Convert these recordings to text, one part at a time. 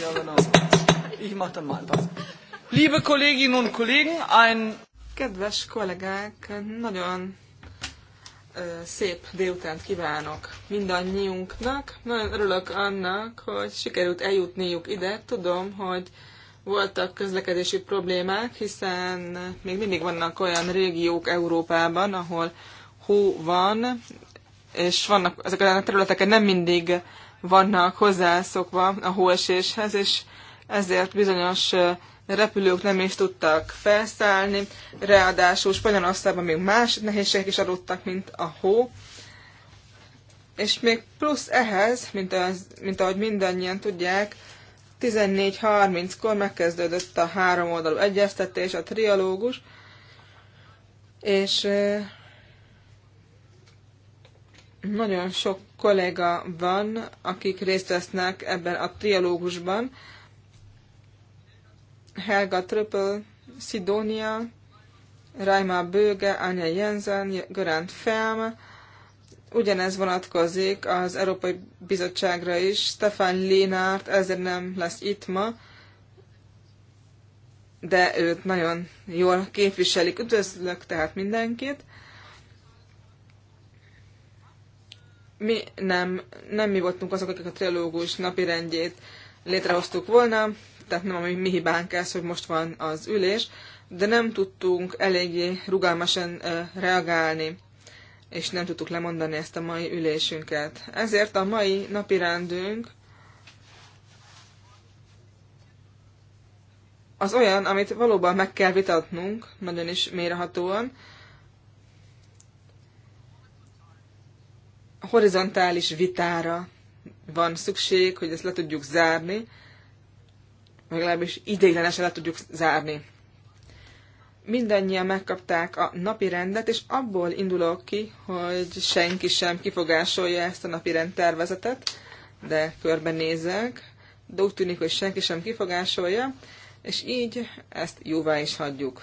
Ja. genau. Ich mache dann mal was. Liebe Kolleginnen und Kollegen, ein... Kedves kollégák, nagyon szép délutánt kívánok mindannyiunknak. Nagyon örülök annak, hogy sikerült eljutniuk ide. Tudom, hogy voltak közlekedési problémák, hiszen még mindig vannak olyan régiók Európában, ahol hó van, és vannak ezek a területeken nem mindig vannak hozzászokva a holséshez, és ezért bizonyos repülők nem is tudtak felszállni, ráadásul Spanyolországban még más nehézségek is adottak, mint a hó. És még plusz ehhez, mint, az, mint ahogy mindannyian tudják, 14.30-kor megkezdődött a három oldalú egyeztetés, a trialógus, és nagyon sok kollega van, akik részt vesznek ebben a trialógusban. Helga Tröpöl, Sidonia, Raima Böge, Anya Jensen, Grant Felm. Ugyanez vonatkozik az Európai Bizottságra is. Stefan Lénárt ezért nem lesz itt ma, de őt nagyon jól képviselik. Üdvözlök tehát mindenkit. mi nem, nem mi voltunk azok, akik a trilógus napi rendjét létrehoztuk volna, tehát nem a mi, mi hibánk ez, hogy most van az ülés, de nem tudtunk eléggé rugalmasan reagálni, és nem tudtuk lemondani ezt a mai ülésünket. Ezért a mai napi rendünk az olyan, amit valóban meg kell vitatnunk, nagyon is mérehatóan, horizontális vitára van szükség, hogy ezt le tudjuk zárni, vagy legalábbis ideiglenesen le tudjuk zárni. Mindannyian megkapták a napi rendet, és abból indulok ki, hogy senki sem kifogásolja ezt a napi rend tervezetet, de körbenézek, de úgy tűnik, hogy senki sem kifogásolja, és így ezt jóvá is hagyjuk.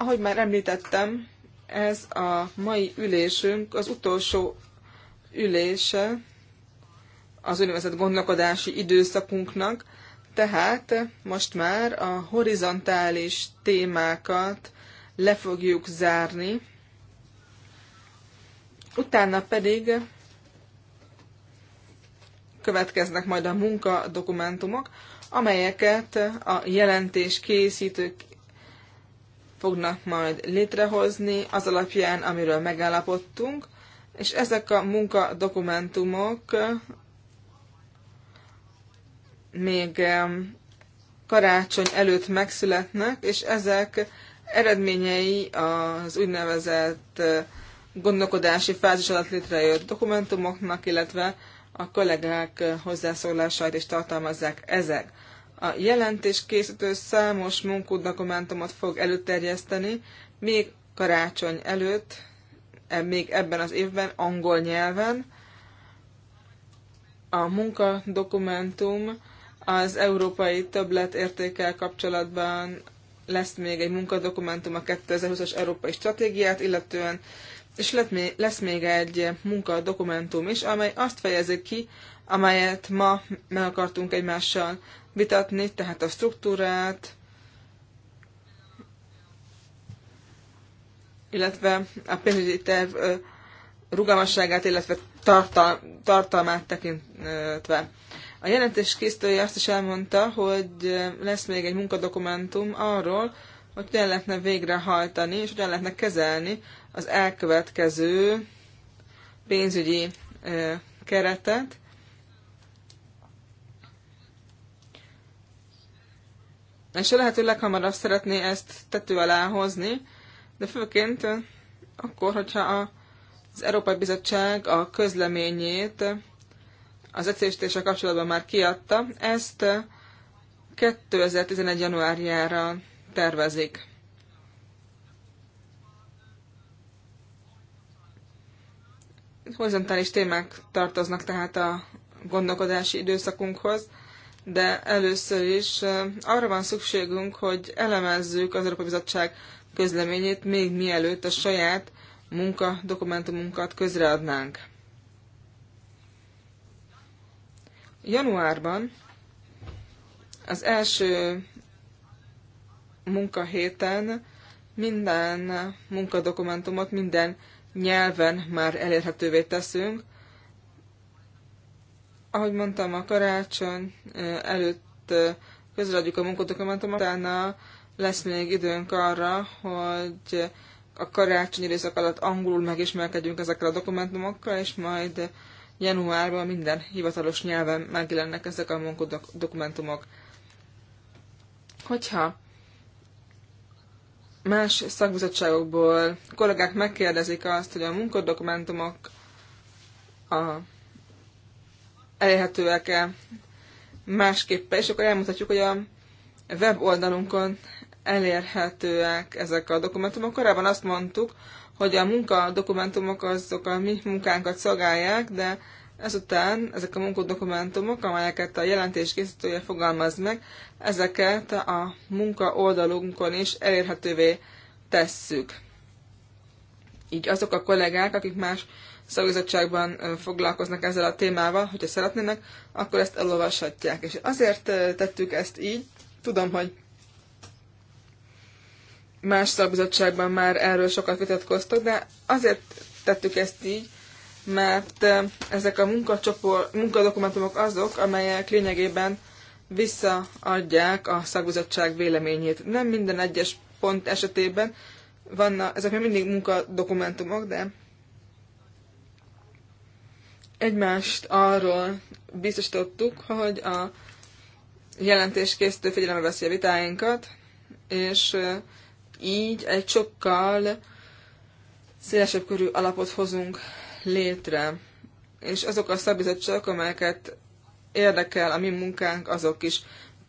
Ahogy már említettem, ez a mai ülésünk az utolsó ülése az úgynevezett gondolkodási időszakunknak, tehát most már a horizontális témákat le fogjuk zárni, utána pedig következnek majd a munkadokumentumok, amelyeket a jelentés készítők fognak majd létrehozni az alapján, amiről megállapodtunk, és ezek a munkadokumentumok még karácsony előtt megszületnek, és ezek eredményei az úgynevezett gondolkodási fázis alatt létrejött dokumentumoknak, illetve a kollégák hozzászólásait is tartalmazzák ezek. A jelentés készítő számos munkudokumentumot fog előterjeszteni, még karácsony előtt, e, még ebben az évben angol nyelven. A munkadokumentum az európai többletértékkel kapcsolatban lesz még egy munkadokumentum a 2020-as európai stratégiát, illetően és lesz még egy munkadokumentum is, amely azt fejezi ki, amelyet ma meg akartunk egymással vitatni, tehát a struktúrát, illetve a pénzügyi terv rugalmasságát, illetve tartal, tartalmát tekintve. A jelentés készítője azt is elmondta, hogy lesz még egy munkadokumentum arról, hogy hogyan lehetne végrehajtani, és hogyan lehetne kezelni az elkövetkező pénzügyi keretet. És a lehető leghamarabb szeretné ezt tető alá hozni, de főként akkor, hogyha a, az Európai Bizottság a közleményét az egyszerűsítéssel kapcsolatban már kiadta, ezt 2011. januárjára tervezik. Horizontális témák tartoznak tehát a gondolkodási időszakunkhoz, de először is arra van szükségünk, hogy elemezzük az Európai Bizottság közleményét, még mielőtt a saját munka dokumentumunkat közreadnánk. Januárban az első munkahéten minden munkadokumentumot minden nyelven már elérhetővé teszünk. Ahogy mondtam, a karácsony előtt közreadjuk a munkadokumentumot, utána lesz még időnk arra, hogy a karácsonyi időszak alatt angolul megismerkedjünk ezekkel a dokumentumokkal, és majd januárban minden hivatalos nyelven megjelennek ezek a munkadokumentumok. Hogyha más szakbizottságokból kollégák megkérdezik azt, hogy a munkadokumentumok a elérhetőek-e másképpen, és akkor elmutatjuk, hogy a weboldalunkon elérhetőek ezek a dokumentumok. Korábban azt mondtuk, hogy a munkadokumentumok azok a mi munkánkat szolgálják, de Ezután ezek a munkadokumentumok, amelyeket a jelentés készítője fogalmaz meg, ezeket a munka oldalunkon is elérhetővé tesszük. Így azok a kollégák, akik más szakbizottságban foglalkoznak ezzel a témával, hogyha szeretnének, akkor ezt elolvashatják. És azért tettük ezt így, tudom, hogy más szakbizottságban már erről sokat vitatkoztak, de azért tettük ezt így, mert eh, ezek a munkacsoport, munkadokumentumok azok, amelyek lényegében visszaadják a szakbizottság véleményét. Nem minden egyes pont esetében vannak, ezek még mindig munkadokumentumok, de egymást arról biztosítottuk, hogy a készítő figyelembe veszi a vitáinkat, és eh, így egy sokkal szélesebb körű alapot hozunk létre. És azok a szabizottságok, amelyeket érdekel a mi munkánk, azok is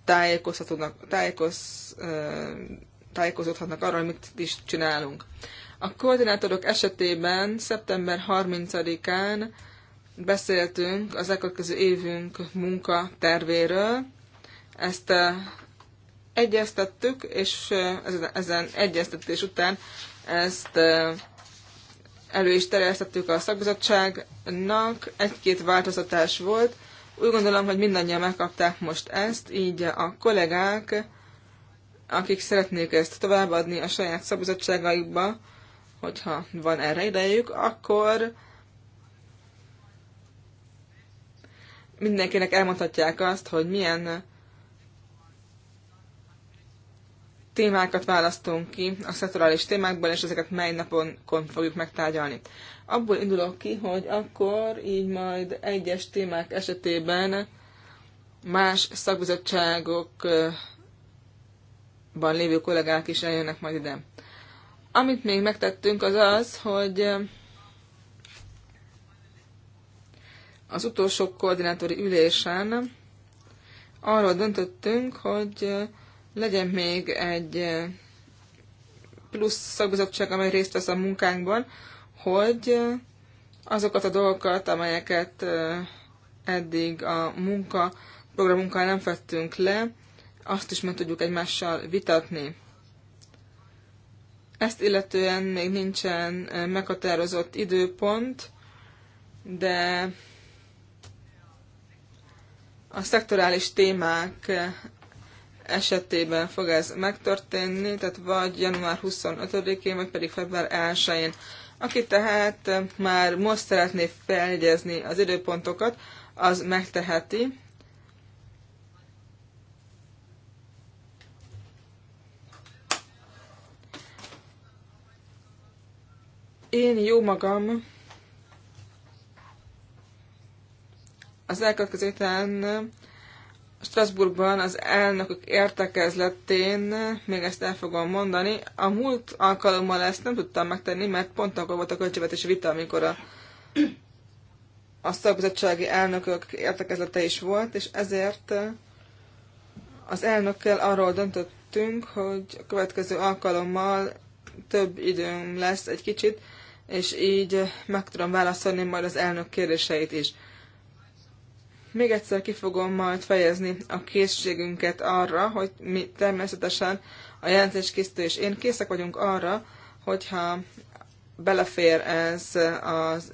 tájékozhatnak, tájékoz, tájékozódhatnak arról, mit is csinálunk. A koordinátorok esetében szeptember 30-án beszéltünk az elkövetkező évünk munka tervéről. Ezt egyeztettük, és ezen egyeztetés után ezt elő is terjesztettük a szakbizottságnak, egy-két változtatás volt. Úgy gondolom, hogy mindannyian megkapták most ezt, így a kollégák, akik szeretnék ezt továbbadni a saját szakbizottságaikba, hogyha van erre idejük, akkor mindenkinek elmondhatják azt, hogy milyen témákat választunk ki a szektorális témákból, és ezeket mely napon fogjuk megtárgyalni. Abból indulok ki, hogy akkor így majd egyes témák esetében más szakbizottságokban lévő kollégák is eljönnek majd ide. Amit még megtettünk az az, hogy az utolsó koordinátori ülésen arról döntöttünk, hogy legyen még egy plusz szakbizottság, amely részt vesz a munkánkban, hogy azokat a dolgokat, amelyeket eddig a munka programunkkal nem fettünk le, azt is meg tudjuk egymással vitatni. Ezt illetően még nincsen meghatározott időpont, de a szektorális témák esetében fog ez megtörténni, tehát vagy január 25-én, vagy pedig február 1-én. Aki tehát már most szeretné feljegyezni az időpontokat, az megteheti. Én jó magam az elkövetkező Strasbourgban az elnökök értekezletén, még ezt el fogom mondani, a múlt alkalommal ezt nem tudtam megtenni, mert pont akkor volt a költségvetési vita, amikor a, a szakbizottsági elnökök értekezlete is volt, és ezért az elnökkel arról döntöttünk, hogy a következő alkalommal több időm lesz egy kicsit, és így meg tudom válaszolni majd az elnök kérdéseit is. Még egyszer ki fogom majd fejezni a készségünket arra, hogy mi természetesen a jelentéskészítő és én készek vagyunk arra, hogyha belefér ez az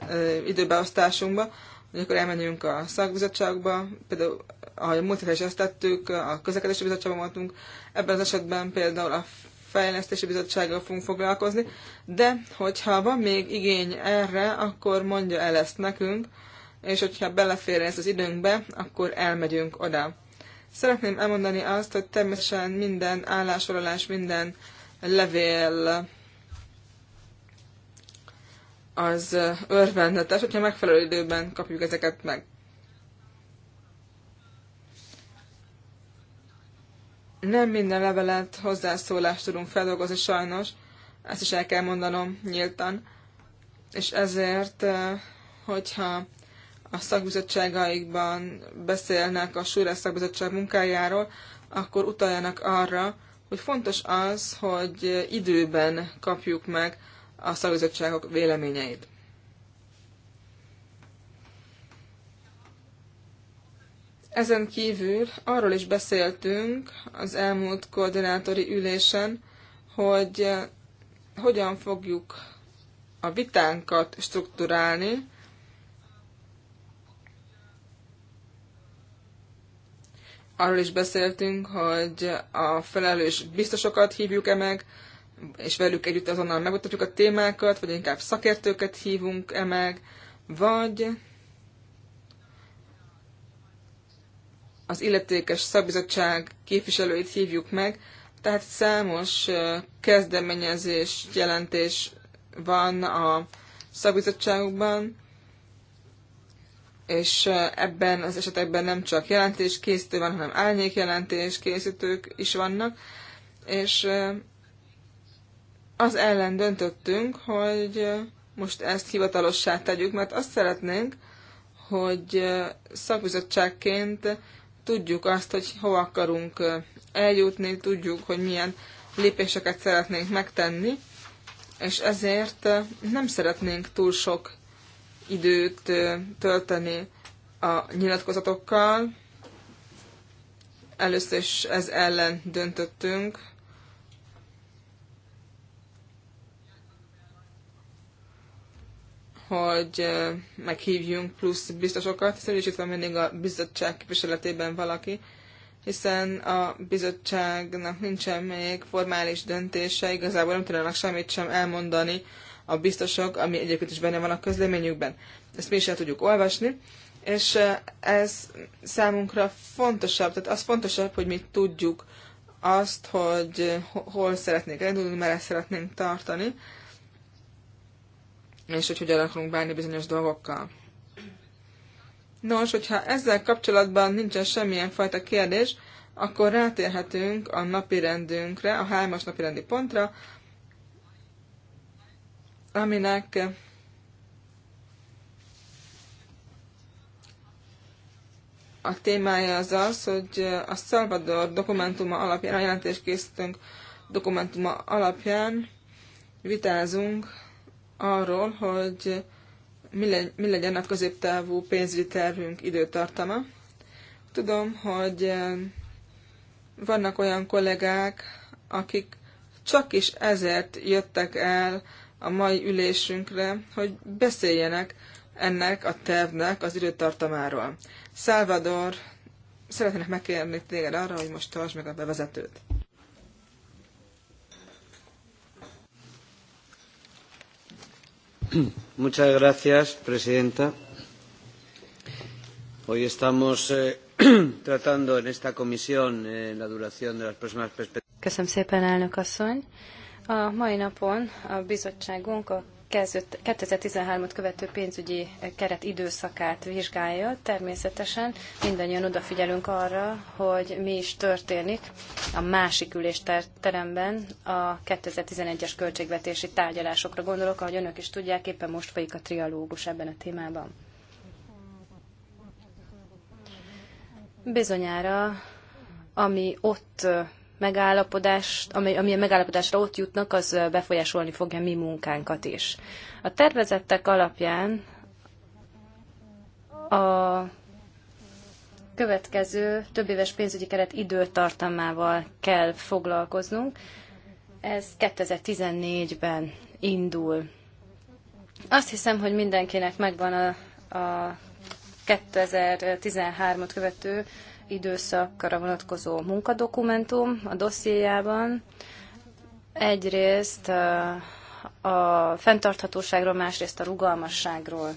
időbeosztásunkba, hogy akkor elmenjünk a szakbizottságba, például ahogy a múlt is ezt tettük, a közlekedési bizottságban voltunk, ebben az esetben például a fejlesztési bizottsággal fogunk foglalkozni, de hogyha van még igény erre, akkor mondja el ezt nekünk, és hogyha belefér ez az időnkbe, akkor elmegyünk oda. Szeretném elmondani azt, hogy természetesen minden állásolás, minden levél az örvendetes, hogyha megfelelő időben kapjuk ezeket meg. Nem minden levelet, hozzászólást tudunk feldolgozni sajnos, ezt is el kell mondanom nyíltan, és ezért, eh, hogyha a szakbizottságaikban beszélnek a súlyos szakbizottság munkájáról, akkor utaljanak arra, hogy fontos az, hogy időben kapjuk meg a szakbizottságok véleményeit. Ezen kívül arról is beszéltünk az elmúlt koordinátori ülésen, hogy hogyan fogjuk a vitánkat strukturálni, arról is beszéltünk, hogy a felelős biztosokat hívjuk-e meg, és velük együtt azonnal megmutatjuk a témákat, vagy inkább szakértőket hívunk-e meg, vagy az illetékes szakbizottság képviselőit hívjuk meg, tehát számos kezdeményezés, jelentés van a szakbizottságokban, és eh, ebben az esetekben nem csak jelentés készítő van, hanem jelentés készítők is vannak, és eh, az ellen döntöttünk, hogy eh, most ezt hivatalossá tegyük, mert azt szeretnénk, hogy szakbizottságként tudjuk azt, hogy hova akarunk eljutni, tudjuk, hogy milyen lépéseket szeretnénk megtenni, és ezért nem szeretnénk túl sok időt tölteni a nyilatkozatokkal. Először is ez ellen döntöttünk. hogy meghívjunk plusz biztosokat, hiszen is itt van mindig a bizottság képviseletében valaki, hiszen a bizottságnak nincsen még formális döntése, igazából nem tudnak semmit sem elmondani a biztosok, ami egyébként is benne van a közleményükben. Ezt mi is el tudjuk olvasni, és eh, ez számunkra fontosabb, tehát az fontosabb, hogy mi tudjuk azt, hogy eh, hol szeretnénk elindulni, merre szeretnénk tartani, és hogy hogyan akarunk bánni bizonyos dolgokkal. Nos, hogyha ezzel kapcsolatban nincsen semmilyen fajta kérdés, akkor rátérhetünk a napi rendünkre, a hármas napi rendi pontra, aminek a témája az az, hogy a Salvador dokumentuma alapján, a készítünk dokumentuma alapján vitázunk arról, hogy mi legyen a középtávú pénzügyi tervünk időtartama. Tudom, hogy eh, vannak olyan kollégák, akik csak is ezért jöttek el a mai ülésünkre, hogy beszéljenek ennek a tervnek az időtartamáról. Salvador, szeretnék megkérni téged arra, hogy most tartsd meg a bevezetőt. Muchas gracias, Presidenta. Hoy estamos eh, tratando en esta comisión eh, la duración de las próximas perspectivas. Köszönöm szépen, elnök asszony. A mai napon a bizottságunk a 2013-at követő pénzügyi keret időszakát vizsgálja. Természetesen mindannyian odafigyelünk arra, hogy mi is történik a másik ülésteremben a 2011-es költségvetési tárgyalásokra gondolok, ahogy önök is tudják, éppen most folyik a trialógus ebben a témában. Bizonyára, ami ott megállapodást, ami, a megállapodásra ott jutnak, az befolyásolni fogja mi munkánkat is. A tervezettek alapján a következő több éves pénzügyi keret időtartamával kell foglalkoznunk. Ez 2014-ben indul. Azt hiszem, hogy mindenkinek megvan a, a 2013 ot követő időszakra vonatkozó munkadokumentum a dossziéjában. Egyrészt a fenntarthatóságról, másrészt a rugalmasságról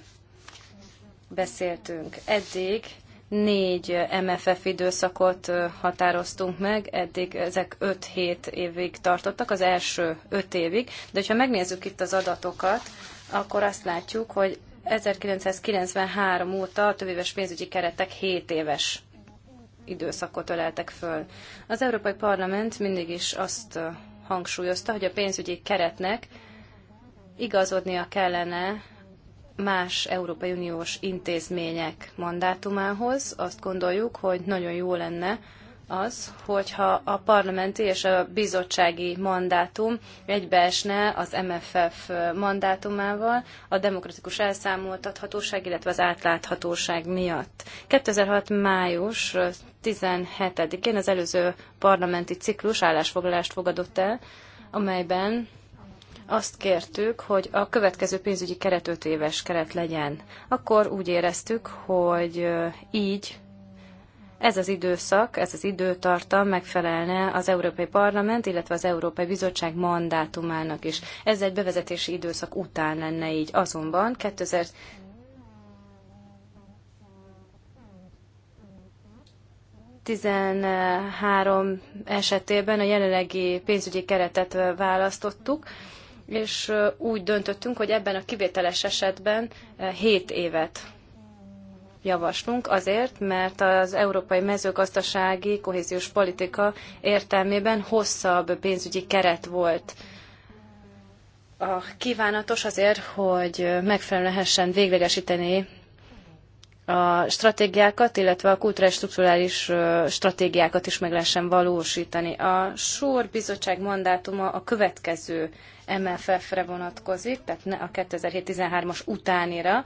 beszéltünk. Eddig négy MFF időszakot határoztunk meg, eddig ezek 5-7 évig tartottak, az első 5 évig, de ha megnézzük itt az adatokat, akkor azt látjuk, hogy 1993 óta a többéves pénzügyi keretek 7 éves időszakot öleltek föl. Az Európai Parlament mindig is azt hangsúlyozta, hogy a pénzügyi keretnek igazodnia kellene más Európai Uniós intézmények mandátumához. Azt gondoljuk, hogy nagyon jó lenne, az, hogyha a parlamenti és a bizottsági mandátum egybeesne az MFF mandátumával a demokratikus elszámoltathatóság, illetve az átláthatóság miatt. 2006. május 17-én az előző parlamenti ciklus állásfoglalást fogadott el, amelyben azt kértük, hogy a következő pénzügyi keret 5 éves keret legyen. Akkor úgy éreztük, hogy így ez az időszak, ez az időtartam megfelelne az Európai Parlament, illetve az Európai Bizottság mandátumának is. Ez egy bevezetési időszak után lenne így. Azonban 2000 13 esetében a jelenlegi pénzügyi keretet választottuk, és úgy döntöttünk, hogy ebben a kivételes esetben 7 évet javaslunk, azért, mert az európai mezőgazdasági kohéziós politika értelmében hosszabb pénzügyi keret volt a kívánatos azért, hogy megfelelően lehessen véglegesíteni a stratégiákat, illetve a kulturális strukturális stratégiákat is meg lehessen valósítani. A SOR bizottság mandátuma a következő MFF-re vonatkozik, tehát ne a 2013-as utánira.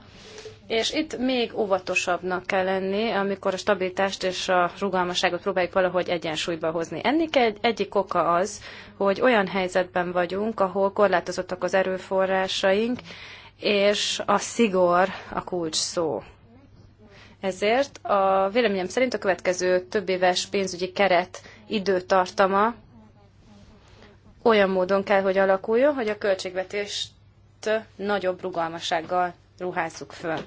És itt még óvatosabbnak kell lenni, amikor a stabilitást és a rugalmasságot próbáljuk valahogy egyensúlyba hozni. Ennek egy, egyik oka az, hogy olyan helyzetben vagyunk, ahol korlátozottak az erőforrásaink, és a szigor a kulcs szó. Ezért a véleményem szerint a következő több éves pénzügyi keret időtartama olyan módon kell, hogy alakuljon, hogy a költségvetést nagyobb rugalmassággal ruházzuk föl.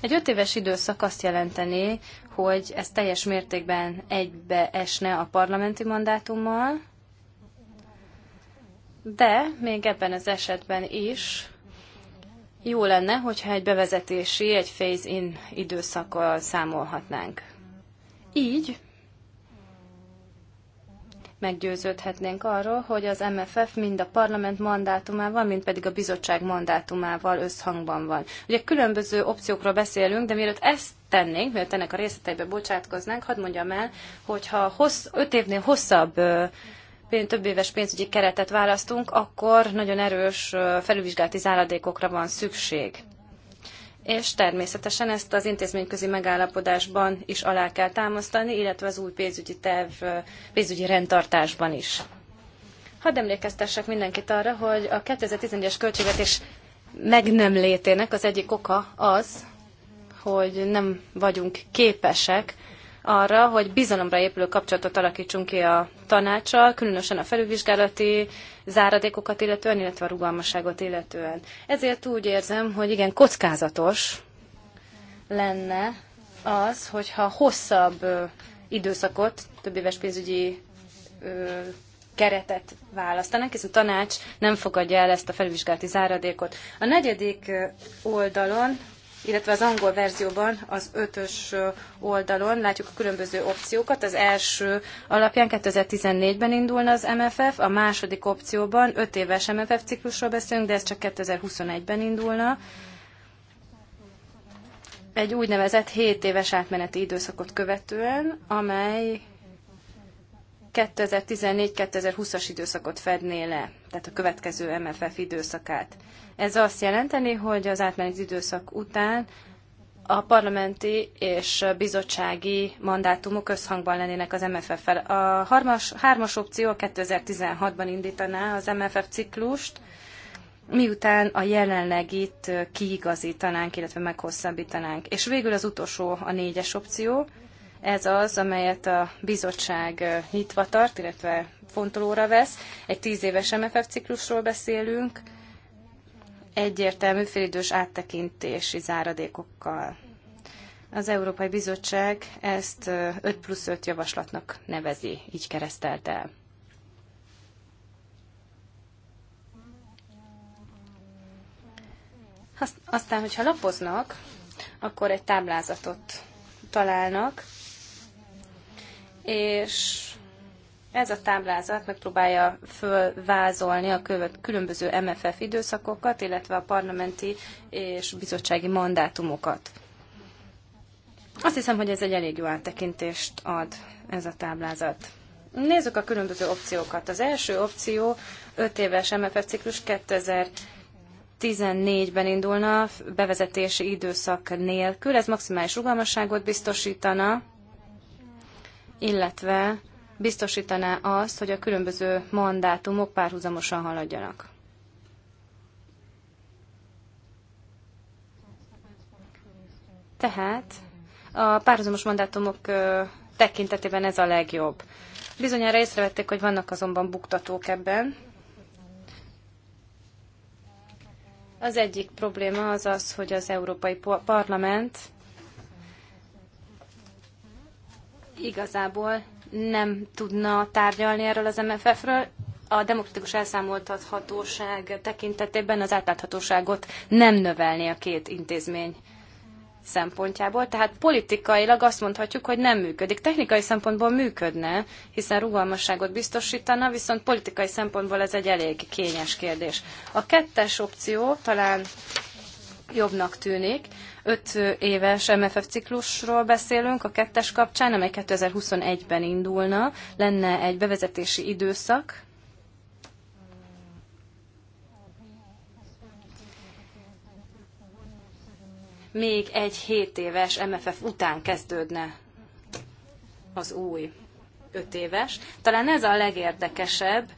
Egy öt éves időszak azt jelenteni, hogy ez teljes mértékben egybeesne a parlamenti mandátummal, de még ebben az esetben is jó lenne, hogyha egy bevezetési, egy phase-in időszakkal számolhatnánk. Így meggyőződhetnénk arról, hogy az MFF mind a parlament mandátumával, mind pedig a bizottság mandátumával összhangban van. Ugye különböző opciókról beszélünk, de mielőtt ezt tennénk, mielőtt ennek a részleteibe bocsátkoznánk, hadd mondjam el, hogyha hossz, öt évnél hosszabb több éves pénzügyi keretet választunk, akkor nagyon erős felülvizsgálati záradékokra van szükség és természetesen ezt az intézményközi megállapodásban is alá kell támasztani, illetve az új pénzügyi terv, pénzügyi rendtartásban is. Hadd emlékeztessek mindenkit arra, hogy a 2011-es költségvetés meg nem létének az egyik oka az, hogy nem vagyunk képesek arra, hogy bizalomra épülő kapcsolatot alakítsunk ki a tanácssal, különösen a felülvizsgálati záradékokat illetően, illetve a rugalmasságot illetően. Ezért úgy érzem, hogy igen, kockázatos lenne az, hogyha hosszabb időszakot, több éves pénzügyi keretet választanak, hiszen a tanács nem fogadja el ezt a felvizsgálati záradékot. A negyedik oldalon illetve az angol verzióban az ötös oldalon látjuk a különböző opciókat. Az első alapján 2014-ben indulna az MFF, a második opcióban 5 éves MFF ciklusról beszélünk, de ez csak 2021-ben indulna. Egy úgynevezett 7 éves átmeneti időszakot követően, amely 2014-2020-as időszakot fedné le, tehát a következő MFF időszakát. Ez azt jelenteni, hogy az átmeneti időszak után a parlamenti és bizottsági mandátumok összhangban lennének az MFF-fel. A harmas, hármas opció 2016-ban indítaná az MFF ciklust, miután a jelenlegit kiigazítanánk, illetve meghosszabbítanánk. És végül az utolsó, a négyes opció, ez az, amelyet a bizottság nyitva tart, illetve fontolóra vesz. Egy tíz éves MFF ciklusról beszélünk, egyértelmű félidős áttekintési záradékokkal. Az Európai Bizottság ezt 5 plusz 5 javaslatnak nevezi, így keresztelt el. Aztán, hogyha lapoznak, akkor egy táblázatot találnak, és ez a táblázat megpróbálja fölvázolni a különböző MFF időszakokat, illetve a parlamenti és bizottsági mandátumokat. Azt hiszem, hogy ez egy elég jó áttekintést ad ez a táblázat. Nézzük a különböző opciókat. Az első opció 5 éves MFF ciklus 2014-ben indulna bevezetési időszak nélkül. Ez maximális rugalmasságot biztosítana, illetve biztosítaná azt, hogy a különböző mandátumok párhuzamosan haladjanak. Tehát a párhuzamos mandátumok tekintetében ez a legjobb. Bizonyára észrevették, hogy vannak azonban buktatók ebben. Az egyik probléma az az, hogy az Európai Parlament igazából nem tudna tárgyalni erről az MFF-ről. A demokratikus elszámoltathatóság tekintetében az átláthatóságot nem növelni a két intézmény szempontjából. Tehát politikailag azt mondhatjuk, hogy nem működik. Technikai szempontból működne, hiszen rugalmasságot biztosítana, viszont politikai szempontból ez egy elég kényes kérdés. A kettes opció talán jobbnak tűnik. Öt éves MFF ciklusról beszélünk a kettes kapcsán, amely 2021-ben indulna. Lenne egy bevezetési időszak. Még egy 7 éves MFF után kezdődne az új öt éves. Talán ez a legérdekesebb,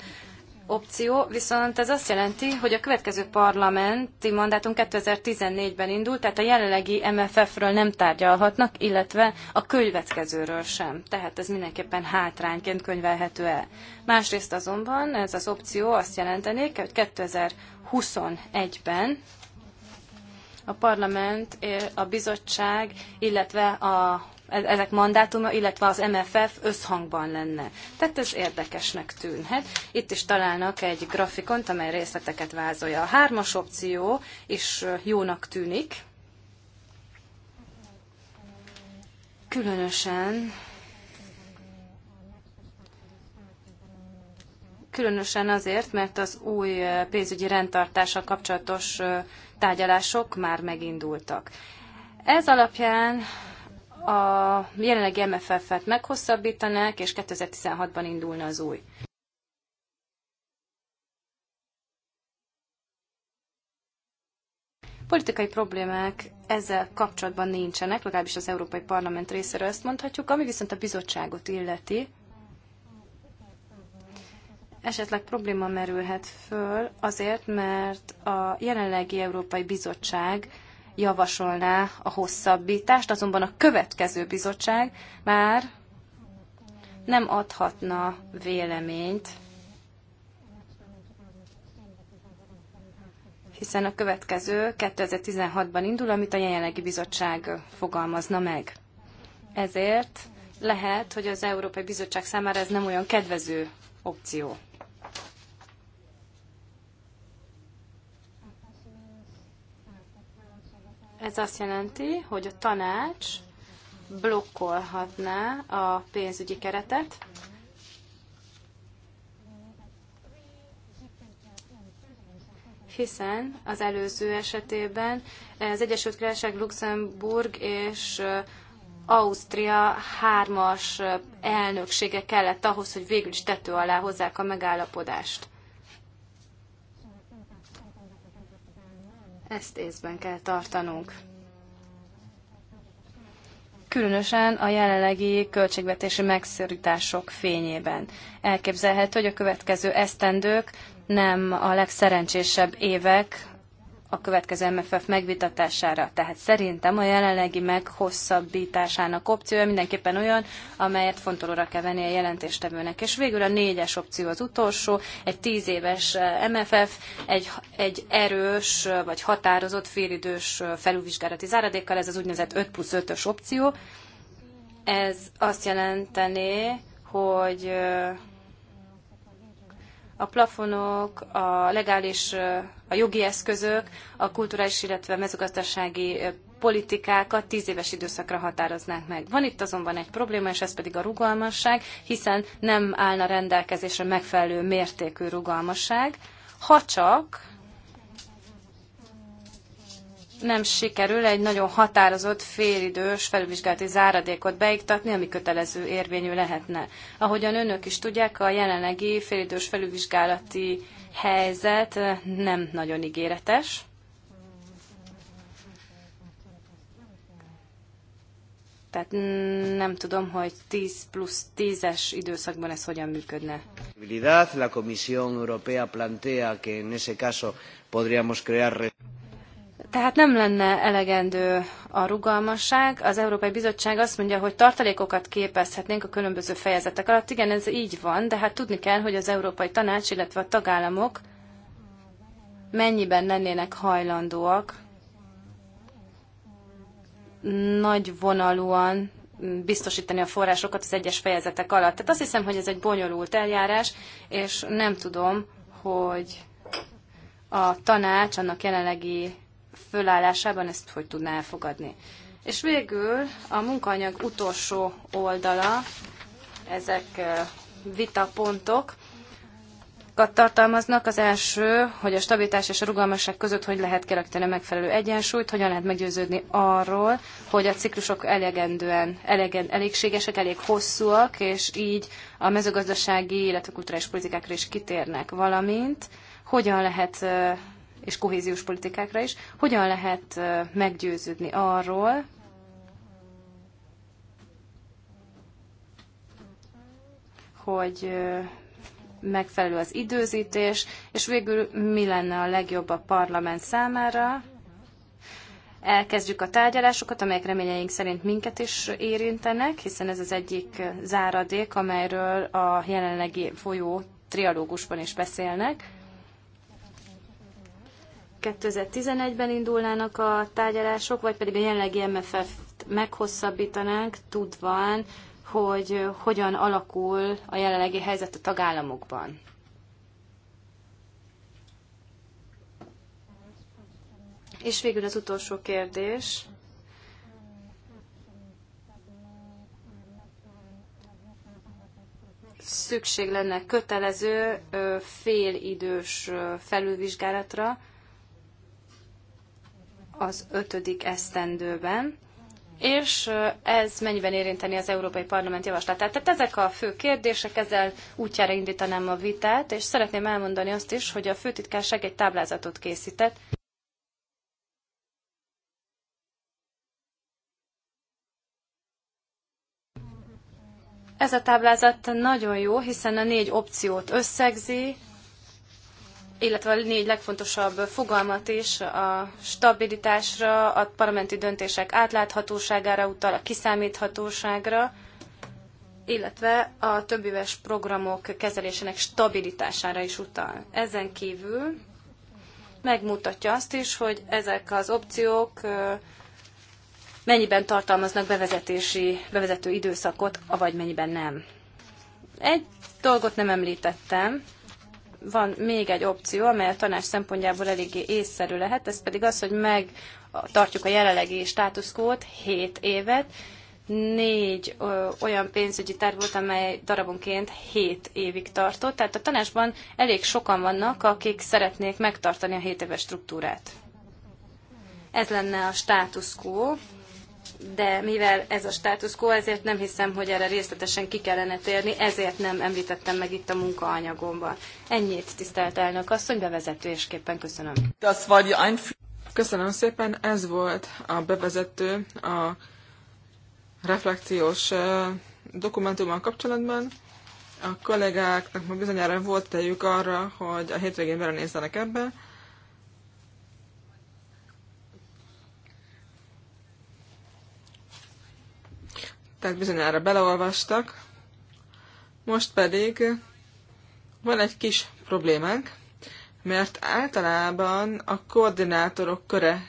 opció, viszont ez azt jelenti, hogy a következő parlamenti mandátum 2014-ben indul, tehát a jelenlegi MFF-ről nem tárgyalhatnak, illetve a következőről sem. Tehát ez mindenképpen hátrányként könyvelhető el. Másrészt azonban ez az opció azt jelentené, hogy 2021-ben a parlament, a bizottság, illetve a E- ezek mandátuma, illetve az MFF összhangban lenne. Tehát ez érdekesnek tűnhet. Itt is találnak egy grafikont, amely részleteket vázolja. A hármas opció is jónak tűnik. Különösen különösen azért, mert az új pénzügyi rendtartással kapcsolatos tárgyalások már megindultak. Ez alapján a jelenlegi MFF-et meghosszabbítanák, és 2016-ban indulna az új. Politikai problémák ezzel kapcsolatban nincsenek, legalábbis az Európai Parlament részéről ezt mondhatjuk, ami viszont a bizottságot illeti. Esetleg probléma merülhet föl azért, mert a jelenlegi Európai Bizottság javasolná a hosszabbítást, azonban a következő bizottság már nem adhatna véleményt, hiszen a következő 2016-ban indul, amit a jelenlegi bizottság fogalmazna meg. Ezért lehet, hogy az Európai Bizottság számára ez nem olyan kedvező opció. Ez azt jelenti, hogy a tanács blokkolhatná a pénzügyi keretet, hiszen az előző esetében az Egyesült Királyság, Luxemburg és Ausztria hármas elnöksége kellett ahhoz, hogy végül is tető alá hozzák a megállapodást. Ezt észben kell tartanunk. Különösen a jelenlegi költségvetési megszorítások fényében. Elképzelhető, hogy a következő esztendők nem a legszerencsésebb évek a következő MFF megvitatására. Tehát szerintem a jelenlegi meghosszabbításának opciója mindenképpen olyan, amelyet fontolóra kell venni a jelentéstevőnek. És végül a négyes opció az utolsó, egy tíz éves eh, MFF, egy, egy erős eh, vagy határozott félidős eh, felülvizsgálati záradékkal, ez az úgynevezett 5 plusz 5-ös opció. Ez azt jelenteni, hogy a plafonok, a legális, a jogi eszközök, a kulturális, illetve mezőgazdasági politikákat tíz éves időszakra határoznák meg. Van itt azonban egy probléma, és ez pedig a rugalmasság, hiszen nem állna rendelkezésre megfelelő mértékű rugalmasság, ha csak nem sikerül egy nagyon határozott félidős felülvizsgálati záradékot beiktatni, ami kötelező érvényű lehetne. Ahogyan önök is tudják, a jelenlegi félidős felülvizsgálati helyzet nem nagyon ígéretes. Tehát nem tudom, hogy 10 plusz 10-es időszakban ez hogyan működne. La Comisión Europea plantea que en ese caso podríamos crear tehát nem lenne elegendő a rugalmasság. Az Európai Bizottság azt mondja, hogy tartalékokat képezhetnénk a különböző fejezetek alatt. Igen, ez így van, de hát tudni kell, hogy az Európai Tanács, illetve a tagállamok mennyiben lennének hajlandóak nagy vonalúan biztosítani a forrásokat az egyes fejezetek alatt. Tehát azt hiszem, hogy ez egy bonyolult eljárás, és nem tudom, hogy a tanács annak jelenlegi fölállásában ezt hogy tudná elfogadni. És végül a munkaanyag utolsó oldala, ezek vitapontok, tartalmaznak. Az első, hogy a stabilitás és a rugalmasság között hogy lehet kialakítani a megfelelő egyensúlyt, hogyan lehet meggyőződni arról, hogy a ciklusok elegendően, elegen, elégségesek, elég hosszúak, és így a mezőgazdasági, illetve kulturális politikákra is kitérnek, valamint hogyan lehet és kohéziós politikákra is, hogyan lehet meggyőződni arról, hogy megfelelő az időzítés, és végül mi lenne a legjobb a parlament számára. Elkezdjük a tárgyalásokat, amelyek reményeink szerint minket is érintenek, hiszen ez az egyik záradék, amelyről a jelenlegi folyó trialógusban is beszélnek. 2011-ben indulnának a tárgyalások, vagy pedig a jelenlegi MFF-t meghosszabbítanánk, tudván, hogy hogyan alakul a jelenlegi helyzet a tagállamokban. És végül az utolsó kérdés. Szükség lenne kötelező félidős felülvizsgálatra, az ötödik esztendőben, és ez mennyiben érinteni az Európai Parlament javaslatát. Tehát ezek a fő kérdések, ezzel útjára indítanám a vitát, és szeretném elmondani azt is, hogy a főtitkárság egy táblázatot készített, Ez a táblázat nagyon jó, hiszen a négy opciót összegzi, illetve a négy legfontosabb fogalmat is a stabilitásra, a parlamenti döntések átláthatóságára utal, a kiszámíthatóságra, illetve a többéves programok kezelésének stabilitására is utal. Ezen kívül megmutatja azt is, hogy ezek az opciók mennyiben tartalmaznak bevezetési, bevezető időszakot, avagy mennyiben nem. Egy dolgot nem említettem, van még egy opció, amely a tanács szempontjából eléggé észszerű lehet, ez pedig az, hogy megtartjuk a jelenlegi státuszkót 7 évet, négy ö, olyan pénzügyi terv volt, amely darabonként 7 évig tartott. Tehát a tanácsban elég sokan vannak, akik szeretnék megtartani a 7 éves struktúrát. Ez lenne a státuszkó de mivel ez a status quo, ezért nem hiszem, hogy erre részletesen ki kellene térni, ezért nem említettem meg itt a munkaanyagomban. Ennyit, tisztelt elnök asszony, bevezetésképpen köszönöm. Köszönöm szépen, ez volt a bevezető a reflekciós dokumentummal kapcsolatban. A kollégáknak ma bizonyára volt tejük arra, hogy a hétvégén belenézzenek ebbe. tehát bizonyára beleolvastak. Most pedig van egy kis problémánk, mert általában a koordinátorok köre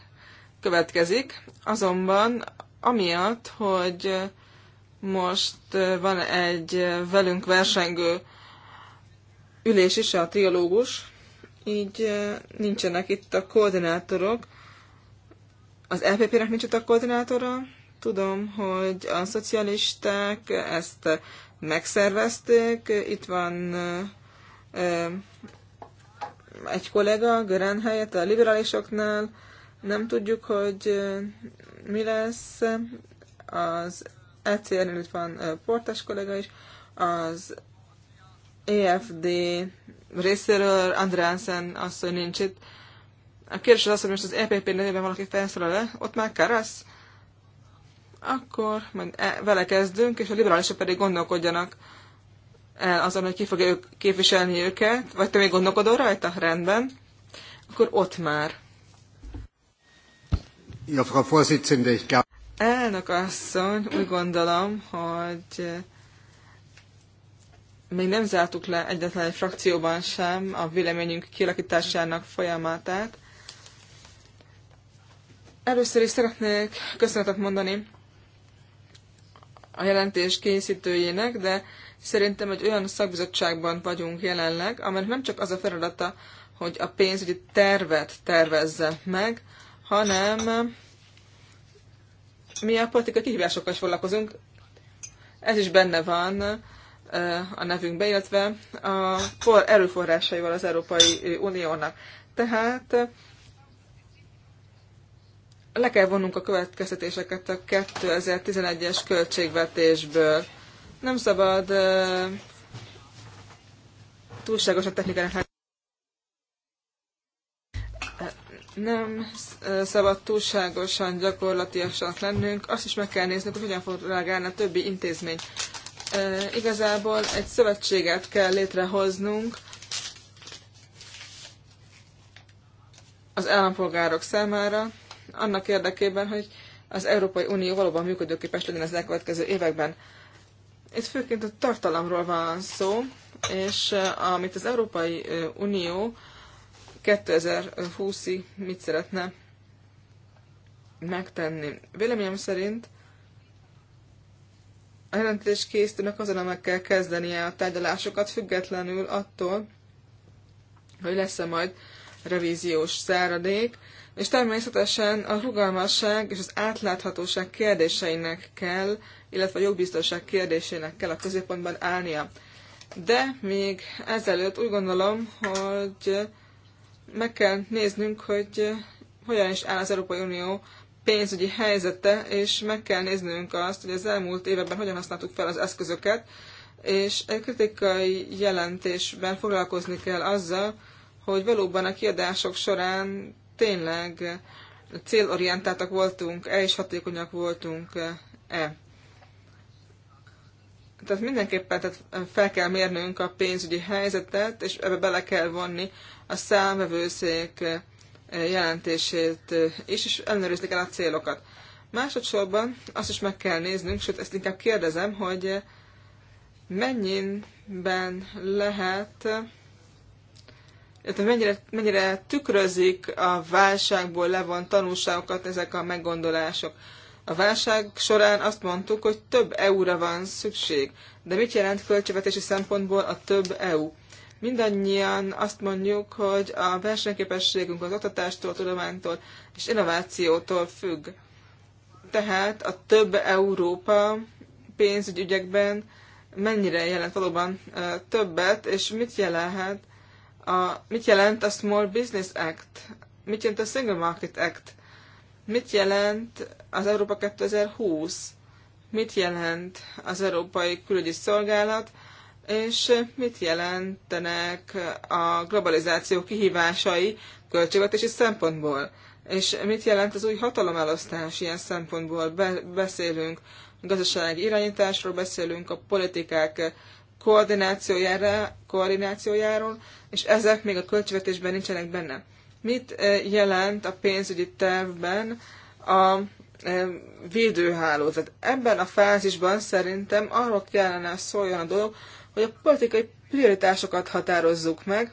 következik, azonban amiatt, hogy most van egy velünk versengő ülés is, a triológus, így nincsenek itt a koordinátorok. Az LPP-nek e nincs itt a koordinátora, Tudom, hogy a szocialisták ezt megszervezték. Itt van egy kollega, Görán helyett a liberálisoknál. Nem tudjuk, hogy mi lesz. Az ecr itt van Portás kollega is. Az EFD részéről Andránsen asszony nincs itt. A kérdés az az, hogy most az EPP nevében valaki felszólal le, ott már Karasz? akkor majd e, vele kezdünk, és a liberálisok pedig gondolkodjanak el azon, hogy ki fogja ők képviselni őket, vagy te még gondolkodol rajta? Rendben. Akkor ott már. Ja, Frau Vorsitzende, ich glaube... Elnök asszony, úgy gondolom, hogy eh, még nem zártuk le egyetlen egy frakcióban sem a véleményünk kialakításának folyamatát. Először is szeretnék köszönetet mondani a jelentés készítőjének, de szerintem egy olyan szakbizottságban vagyunk jelenleg, amelynek nem csak az a feladata, hogy a pénzügyi tervet tervezze meg, hanem mi a politikai kihívásokkal is foglalkozunk. Ez is benne van eh, a nevünkbe, illetve a erőforrásaival az Európai Uniónak. Tehát le kell vonnunk a következtetéseket a 2011-es költségvetésből. Nem szabad uh, túlságosan technikának nem szabad túlságosan gyakorlatiasak lennünk, azt is meg kell nézni, hogy hogyan fog reagálni a többi intézmény. E, igazából egy szövetséget kell létrehoznunk az állampolgárok számára, annak érdekében, hogy az Európai Unió valóban működőképes legyen az elkövetkező években. Itt főként a tartalomról van szó, és amit az Európai Unió 2020-ig mit szeretne megtenni. Véleményem szerint a jelentés készítőnek azon meg kell kezdenie a tárgyalásokat, függetlenül attól, hogy lesz-e majd revíziós száradék, és természetesen a rugalmasság és az átláthatóság kérdéseinek kell, illetve a jogbiztonság kérdésének kell a középpontban állnia. De még ezelőtt úgy gondolom, hogy meg kell néznünk, hogy hogyan is áll az Európai Unió pénzügyi helyzete, és meg kell néznünk azt, hogy az elmúlt években hogyan használtuk fel az eszközöket, és egy kritikai jelentésben foglalkozni kell azzal, hogy valóban a kiadások során tényleg célorientáltak voltunk-e, és hatékonyak voltunk-e. Tehát mindenképpen tehát fel kell mérnünk a pénzügyi helyzetet, és ebbe bele kell vonni a számvevőszék jelentését is, és ellenőrizni kell a célokat. Másodszorban azt is meg kell néznünk, sőt ezt inkább kérdezem, hogy mennyiben lehet illetve mennyire, mennyire tükrözik a válságból levon tanulságokat ezek a meggondolások. A válság során azt mondtuk, hogy több EU-ra van szükség. De mit jelent költségvetési szempontból a több EU? Mindannyian azt mondjuk, hogy a versenyképességünk az oktatástól, tudománytól és innovációtól függ. Tehát a több Európa pénzügyügyekben mennyire jelent valóban többet, és mit jelenhet? a, mit jelent a Small Business Act? Mit jelent a Single Market Act? Mit jelent az Európa 2020? Mit jelent az Európai Külügyi Szolgálat? És mit jelentenek a globalizáció kihívásai költségvetési szempontból? És mit jelent az új hatalomelosztás ilyen szempontból? Be, beszélünk gazdasági irányításról, beszélünk a politikák koordinációjára, koordinációjáról, és ezek még a költségvetésben nincsenek benne. Mit eh, jelent a pénzügyi tervben a eh, védőhálózat? Ebben a fázisban szerintem arról kellene szóljon a dolog, hogy a politikai prioritásokat határozzuk meg,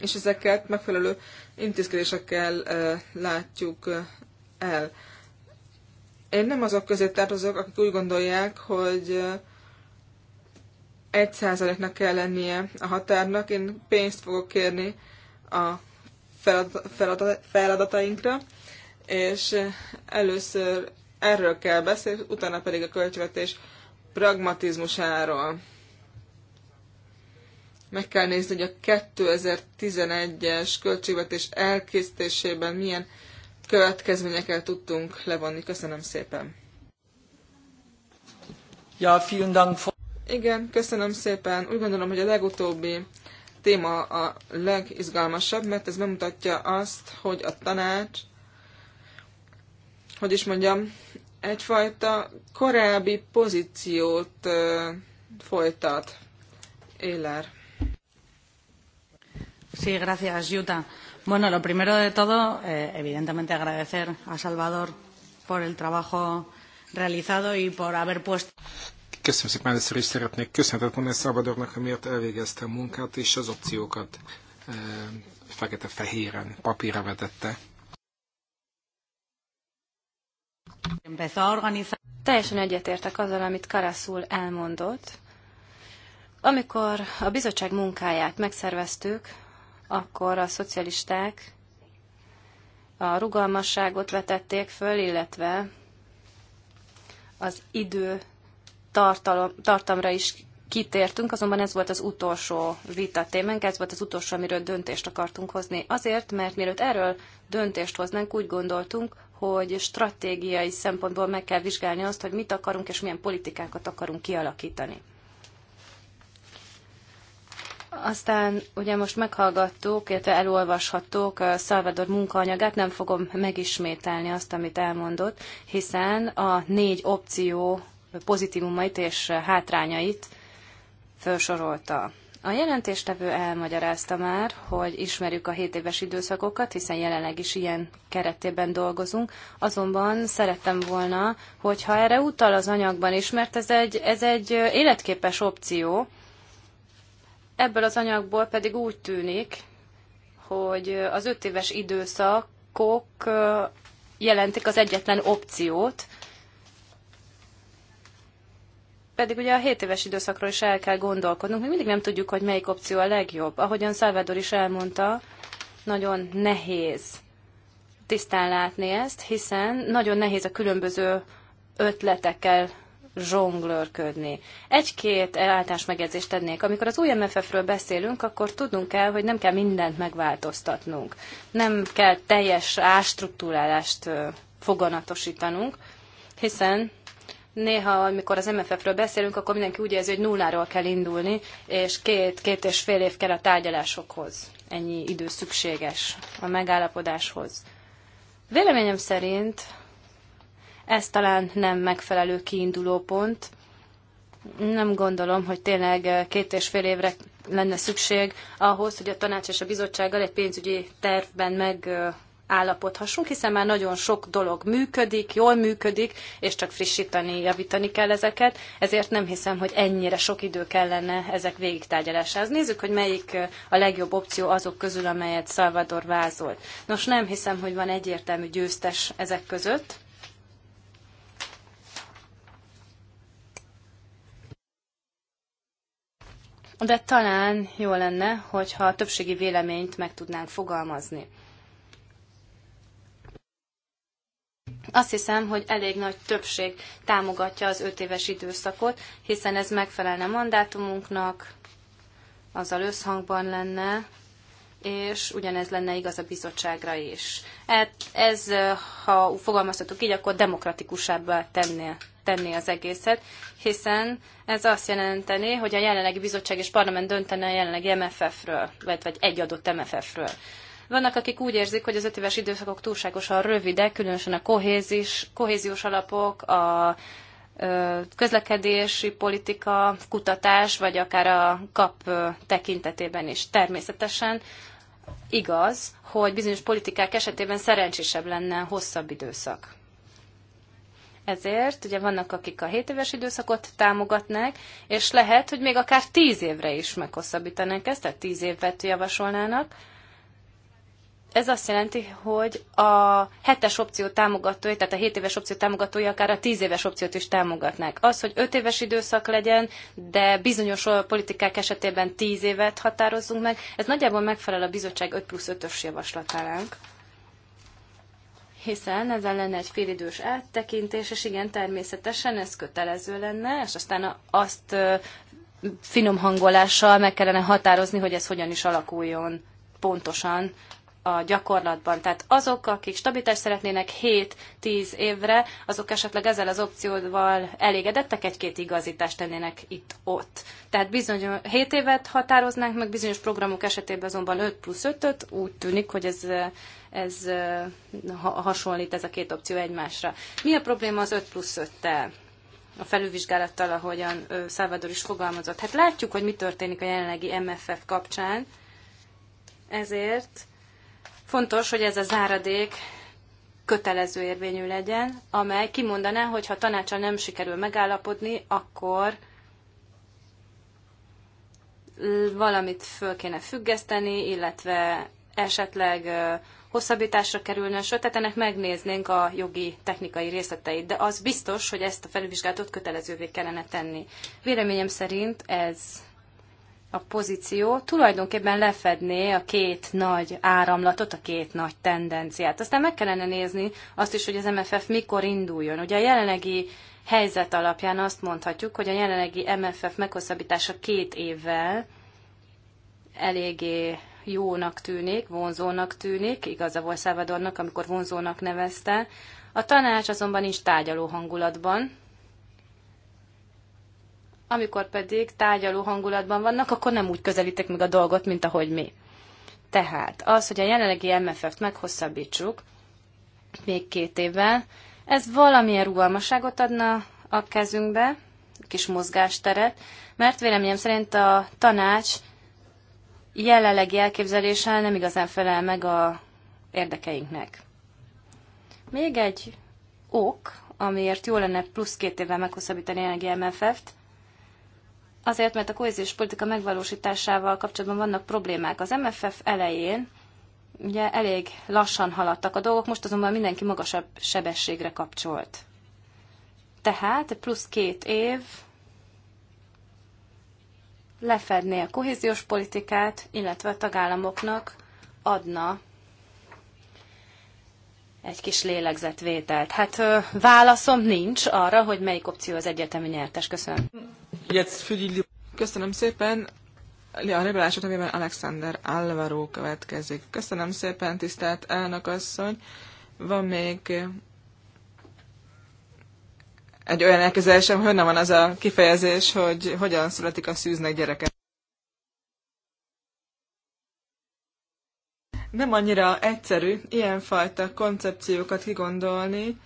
és ezeket megfelelő intézkedésekkel eh, látjuk el. Én nem azok közé tartozok, akik úgy gondolják, hogy 1%-nak kell lennie a határnak. Én pénzt fogok kérni a feladatainkra, és először erről kell beszélni, utána pedig a költségvetés pragmatizmusáról. Meg kell nézni, hogy a 2011-es költségvetés elkészítésében milyen következményekkel tudtunk levonni. Köszönöm szépen! Ja, vielen Dank. Igen, köszönöm szépen. Úgy gondolom, hogy a legutóbbi téma a legizgalmasabb, mert ez bemutatja azt, hogy a tanács, hogy is mondjam, egyfajta korábbi pozíciót ö, folytat. Éler. Sí, gracias, Jutta. Bueno, lo primero de todo, eh, evidentemente agradecer a Salvador por el trabajo realizado y por haber puesto. Köszönöm szépen, először is szeretnék köszönetet mondani Szabadornak, amiért elvégezte a munkát, és az opciókat e, fekete-fehéren, papírra vetette. Teljesen egyetértek azzal, amit Karaszul elmondott. Amikor a bizottság munkáját megszerveztük, akkor a szocialisták a rugalmasságot vetették föl, illetve az idő tartalom, tartamra is kitértünk, azonban ez volt az utolsó vita témánk, ez volt az utolsó, amiről döntést akartunk hozni. Azért, mert mielőtt erről döntést hoznánk, úgy gondoltunk, hogy stratégiai szempontból meg kell vizsgálni azt, hogy mit akarunk és milyen politikákat akarunk kialakítani. Aztán ugye most meghallgattuk, illetve elolvashattuk uh, Salvador munkaanyagát, nem fogom megismételni azt, amit elmondott, hiszen a négy opció pozitívumait és hátrányait felsorolta. A jelentéstevő elmagyarázta már, hogy ismerjük a 7 éves időszakokat, hiszen jelenleg is ilyen keretében dolgozunk, azonban szerettem volna, hogyha erre utal az anyagban is, mert ez egy, ez egy életképes opció, ebből az anyagból pedig úgy tűnik, hogy az öt éves időszakok jelentik az egyetlen opciót, pedig ugye a 7 éves időszakról is el kell gondolkodnunk, mi mindig nem tudjuk, hogy melyik opció a legjobb. Ahogyan Salvador is elmondta, nagyon nehéz tisztán látni ezt, hiszen nagyon nehéz a különböző ötletekkel zsonglőrködni. Egy-két általános megjegyzést tennék. Amikor az új MFF-ről beszélünk, akkor tudnunk kell, hogy nem kell mindent megváltoztatnunk. Nem kell teljes ástruktúrálást foganatosítanunk, hiszen néha, amikor az MFF-ről beszélünk, akkor mindenki úgy érzi, hogy nulláról kell indulni, és két, két és fél év kell a tárgyalásokhoz. Ennyi idő szükséges a megállapodáshoz. Véleményem szerint ez talán nem megfelelő kiinduló pont. Nem gondolom, hogy tényleg két és fél évre lenne szükség ahhoz, hogy a tanács és a bizottsággal egy pénzügyi tervben meg állapodhassunk, hiszen már nagyon sok dolog működik, jól működik, és csak frissíteni, javítani kell ezeket, ezért nem hiszem, hogy ennyire sok idő kellene ezek végigtárgyalásához. Nézzük, hogy melyik a legjobb opció azok közül, amelyet Salvador vázolt. Nos, nem hiszem, hogy van egyértelmű győztes ezek között. De talán jó lenne, hogyha a többségi véleményt meg tudnánk fogalmazni. Azt hiszem, hogy elég nagy többség támogatja az öt éves időszakot, hiszen ez megfelelne mandátumunknak, azzal összhangban lenne, és ugyanez lenne igaz a bizottságra is. Hát ez, ha fogalmazhatok így, akkor demokratikusabbá tenné, tenné az egészet, hiszen ez azt jelenteni, hogy a jelenlegi bizottság és parlament döntene a jelenlegi MFF-ről, vagy egy adott MFF-ről. Vannak, akik úgy érzik, hogy az ötéves időszakok túlságosan rövidek, különösen a kohézis, kohéziós alapok, a közlekedési politika, kutatás, vagy akár a kap tekintetében is. Természetesen igaz, hogy bizonyos politikák esetében szerencsésebb lenne hosszabb időszak. Ezért ugye vannak, akik a 7 éves időszakot támogatnák, és lehet, hogy még akár 10 évre is meghosszabbítanánk ezt, tehát 10 évet javasolnának. Ez azt jelenti, hogy a hetes opció támogatói, tehát a 7 éves opció támogatói akár a 10 éves opciót is támogatnák. Az, hogy 5 éves időszak legyen, de bizonyos politikák esetében 10 évet határozzunk meg, ez nagyjából megfelel a bizottság 5 plusz 5-ös javaslatának hiszen ezen lenne egy félidős áttekintés, és igen, természetesen ez kötelező lenne, és aztán azt finom hangolással meg kellene határozni, hogy ez hogyan is alakuljon pontosan a gyakorlatban. Tehát azok, akik stabilitást szeretnének 7-10 évre, azok esetleg ezzel az opcióval elégedettek, egy-két igazítást tennének itt-ott. Tehát bizony 7 évet határoznánk, meg bizonyos programok esetében azonban 5 plusz 5-öt, úgy tűnik, hogy ez, ez hasonlít ez a két opció egymásra. Mi a probléma az 5 plusz 5-tel? a felülvizsgálattal, ahogyan Szávador is fogalmazott. Hát látjuk, hogy mi történik a jelenlegi MFF kapcsán, ezért Fontos, hogy ez a záradék kötelező érvényű legyen, amely kimondaná, hogy ha tanácsa nem sikerül megállapodni, akkor valamit föl kéne függeszteni, illetve esetleg hosszabbításra kerülne, sőt, tehát ennek megnéznénk a jogi technikai részleteit, de az biztos, hogy ezt a felvizsgálatot kötelezővé kellene tenni. Véleményem szerint ez a pozíció tulajdonképpen lefedné a két nagy áramlatot, a két nagy tendenciát. Aztán meg kellene nézni azt is, hogy az MFF mikor induljon. Ugye a jelenlegi helyzet alapján azt mondhatjuk, hogy a jelenlegi MFF meghosszabbítása két évvel eléggé jónak tűnik, vonzónak tűnik, volt Szávadornak, amikor vonzónak nevezte. A tanács azonban is tárgyaló hangulatban, amikor pedig tárgyaló hangulatban vannak, akkor nem úgy közelítik meg a dolgot, mint ahogy mi. Tehát az, hogy a jelenlegi MFF-t meghosszabbítsuk még két évvel, ez valamilyen rugalmasságot adna a kezünkbe, kis mozgásteret, mert véleményem szerint a tanács jelenlegi elképzelése nem igazán felel meg a érdekeinknek. Még egy ok, amiért jó lenne plusz két évvel meghosszabbítani a MFF-t, Azért, mert a kohéziós politika megvalósításával kapcsolatban vannak problémák. Az MFF elején ugye elég lassan haladtak a dolgok, most azonban mindenki magasabb sebességre kapcsolt. Tehát plusz két év lefedné a kohéziós politikát, illetve a tagállamoknak adna egy kis lélegzetvételt. Hát válaszom nincs arra, hogy melyik opció az egyetemi nyertes. Köszönöm. Köszönöm szépen. A liberálisok nevében Alexander Alvaro következik. Köszönöm szépen, tisztelt elnök asszony. Van még egy olyan elképzelésem, hogy nem van az a kifejezés, hogy hogyan születik a szűznek gyereke. Nem annyira egyszerű ilyenfajta koncepciókat kigondolni,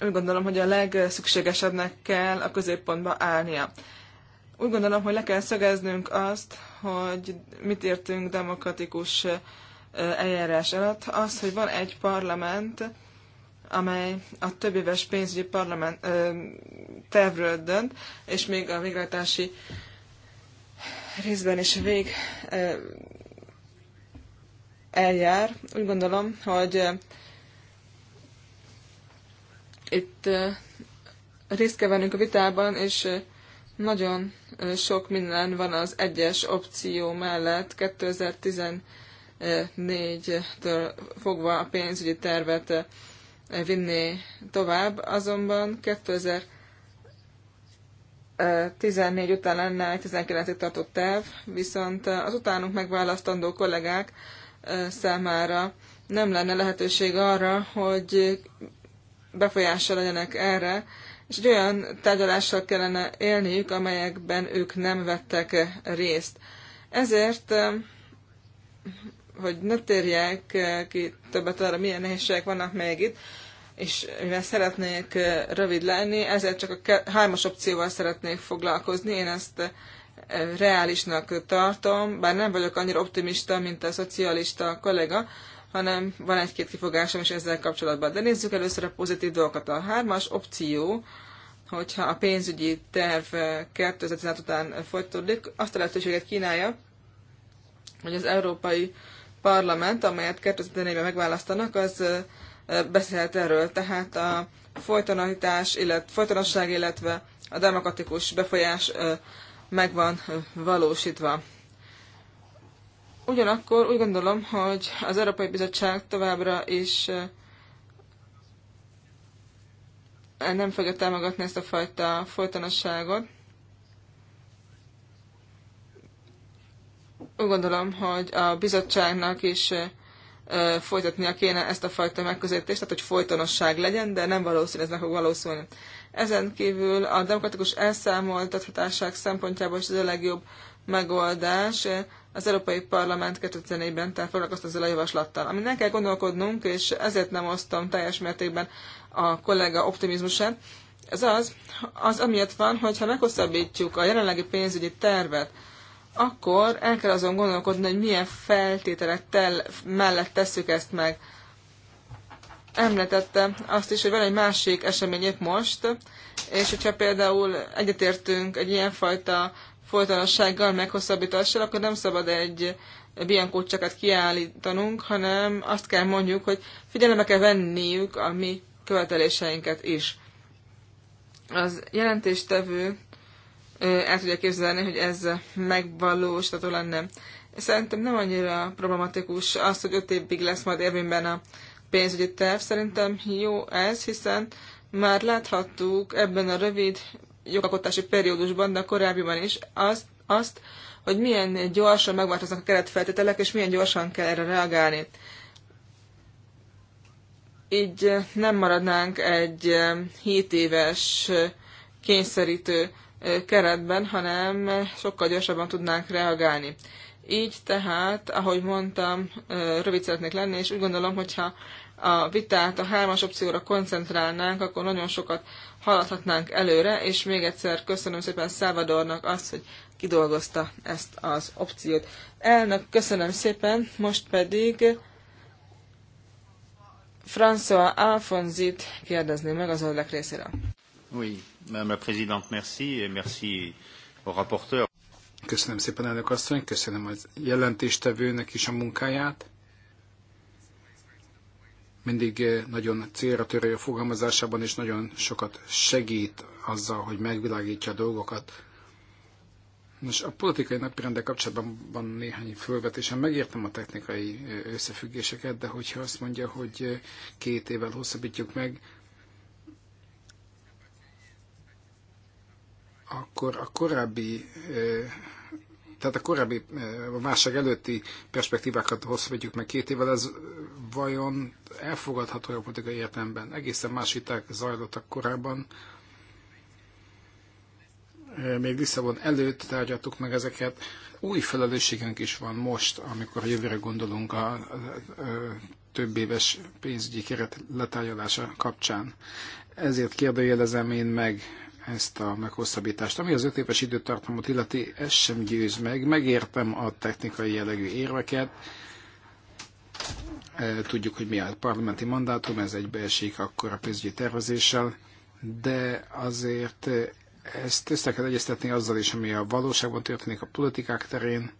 úgy gondolom, hogy a legszükségesebbnek kell a középpontba állnia. Úgy gondolom, hogy le kell szögeznünk azt, hogy mit értünk demokratikus eljárás alatt. Az, hogy van egy parlament, amely a több éves pénzügyi parlament ö, tervről dönt, és még a végrehajtási részben is vég ö, eljár. Úgy gondolom, hogy itt részt kell vennünk a vitában, és nagyon sok minden van az egyes opció mellett. 2014-től fogva a pénzügyi tervet vinni tovább, azonban 2014 után lenne egy 19-ig tartott terv, viszont az utánunk megválasztandó kollégák számára nem lenne lehetőség arra, hogy befolyása legyenek erre, és egy olyan tárgyalással kellene élniük, amelyekben ők nem vettek részt. Ezért, hogy ne térjek eh, ki többet arra, milyen nehézségek vannak még itt, és mivel szeretnék eh, rövid lenni, ezért csak a hármas opcióval szeretnék foglalkozni. Én ezt eh, reálisnak tartom, bár nem vagyok annyira optimista, mint a szocialista kollega, hanem van egy-két kifogásom is ezzel kapcsolatban. De nézzük először a pozitív dolgokat. A hármas opció, hogyha a pénzügyi terv 2016 után folytatódik, azt a lehetőséget kínálja, hogy az Európai Parlament, amelyet 2014-ben megválasztanak, az beszélhet erről. Tehát a folytonatás, illetve folytonosság, illetve a demokratikus befolyás megvan valósítva. Ugyanakkor úgy gondolom, hogy az Európai Bizottság továbbra is eh, nem fogja támogatni ezt a fajta folytonosságot. Úgy gondolom, hogy a bizottságnak is eh, folytatnia kéne ezt a fajta megközelítést, tehát hogy folytonosság legyen, de nem valószínű, ez meg fog valószínű. Ezen kívül a demokratikus elszámoltathatáság szempontjából is ez a legjobb megoldás az Európai Parlament 2004-ben tehát ezzel a javaslattal. Amin el kell gondolkodnunk, és ezért nem osztom teljes mértékben a kollega optimizmusát, ez az, az amiatt van, hogy ha meghosszabbítjuk a jelenlegi pénzügyi tervet, akkor el kell azon gondolkodni, hogy milyen feltételek mellett tesszük ezt meg. Említette azt is, hogy van egy másik épp most, és hogyha például egyetértünk egy ilyenfajta folytonossággal meghosszabbítással, akkor nem szabad egy Bianco csakat kiállítanunk, hanem azt kell mondjuk, hogy figyelembe kell venniük a mi követeléseinket is. Az jelentéstevő el tudja képzelni, hogy ez megvalósítható lenne. Szerintem nem annyira problematikus az, hogy öt évig lesz majd érvényben a pénzügyi terv. Szerintem jó ez, hiszen már láthattuk ebben a rövid jogalkotási periódusban, de a korábbiban is, azt, azt, hogy milyen gyorsan megváltoznak a keretfeltételek, és milyen gyorsan kell erre reagálni. Így eh, nem maradnánk egy 7 eh, éves eh, kényszerítő keretben, hanem sokkal gyorsabban tudnánk reagálni. Így tehát, ahogy mondtam, rövid szeretnék lenni, és úgy gondolom, hogyha a vitát a hármas opcióra koncentrálnánk, akkor nagyon sokat haladhatnánk előre, és még egyszer köszönöm szépen Szávadornak azt, hogy kidolgozta ezt az opciót. Elnök, köszönöm szépen, most pedig François Alfonzit kérdezni meg az ördek részére. Oui, Madame la Présidente, merci, et merci au rapporteur. Köszönöm szépen, elnök asszony, köszönöm az jelentéstevőnek is a munkáját mindig eh, nagyon célra törő a fogalmazásában, és nagyon sokat segít azzal, hogy megvilágítja a dolgokat. Most a politikai napirendek kapcsolatban van néhány fölvetésem. Megértem a technikai eh, összefüggéseket, de hogyha azt mondja, hogy eh, két évvel hosszabbítjuk meg, akkor a korábbi tehát a korábbi, eh, a válság előtti perspektívákat hosszabbítjuk meg két évvel, ez eh, vajon elfogadható a politikai értelemben? Egészen más viták zajlottak korábban. Eh, még Lisszabon előtt tárgyaltuk meg ezeket. Új felelősségünk is van most, amikor a jövőre gondolunk a, a, a, a több éves pénzügyi keret letárgyalása kapcsán. Ezért kérdőjelezem én meg ezt a meghosszabbítást. Ami az öt éves időtartamot illeti, ez sem győz meg. Megértem a technikai jellegű érveket. E, tudjuk, hogy mi a parlamenti mandátum, ez egybeesik akkor a pénzügyi tervezéssel, de azért ezt össze kell egyeztetni azzal is, ami a valóságban történik a politikák terén,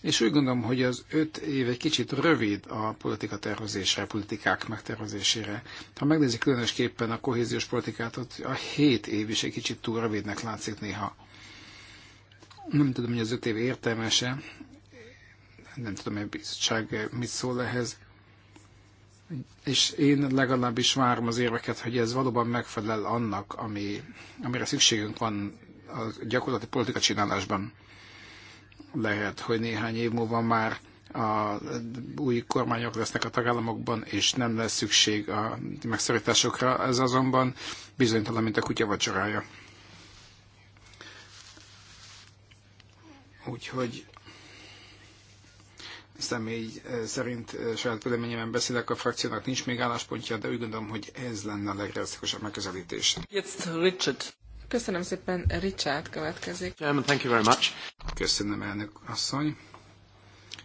és úgy gondolom, hogy az öt év egy kicsit rövid a politika tervezésre, a politikák megtervezésére. Ha megnézik különösképpen a kohéziós politikát, ott a hét év is egy kicsit túl rövidnek látszik néha. Nem tudom, hogy az öt év értelmese, nem tudom, hogy a bizottság mit szól ehhez, és én legalábbis várom az érveket, hogy ez valóban megfelel annak, ami, amire szükségünk van a gyakorlati politika csinálásban. Lehet, hogy néhány év múlva már a új kormányok lesznek a tagállamokban, és nem lesz szükség a megszorításokra. Ez azonban bizonytalan, mint a kutya vacsorája. Úgyhogy személy eh, szerint eh, saját véleményemben beszélek, a frakciónak nincs még álláspontja, de úgy gondolom, hogy ez lenne a legrealisztikusabb megközelítés. Jetzt Richard. Köszönöm szépen, Richard következik. Chairman, thank you very much. Köszönöm, elnök asszony.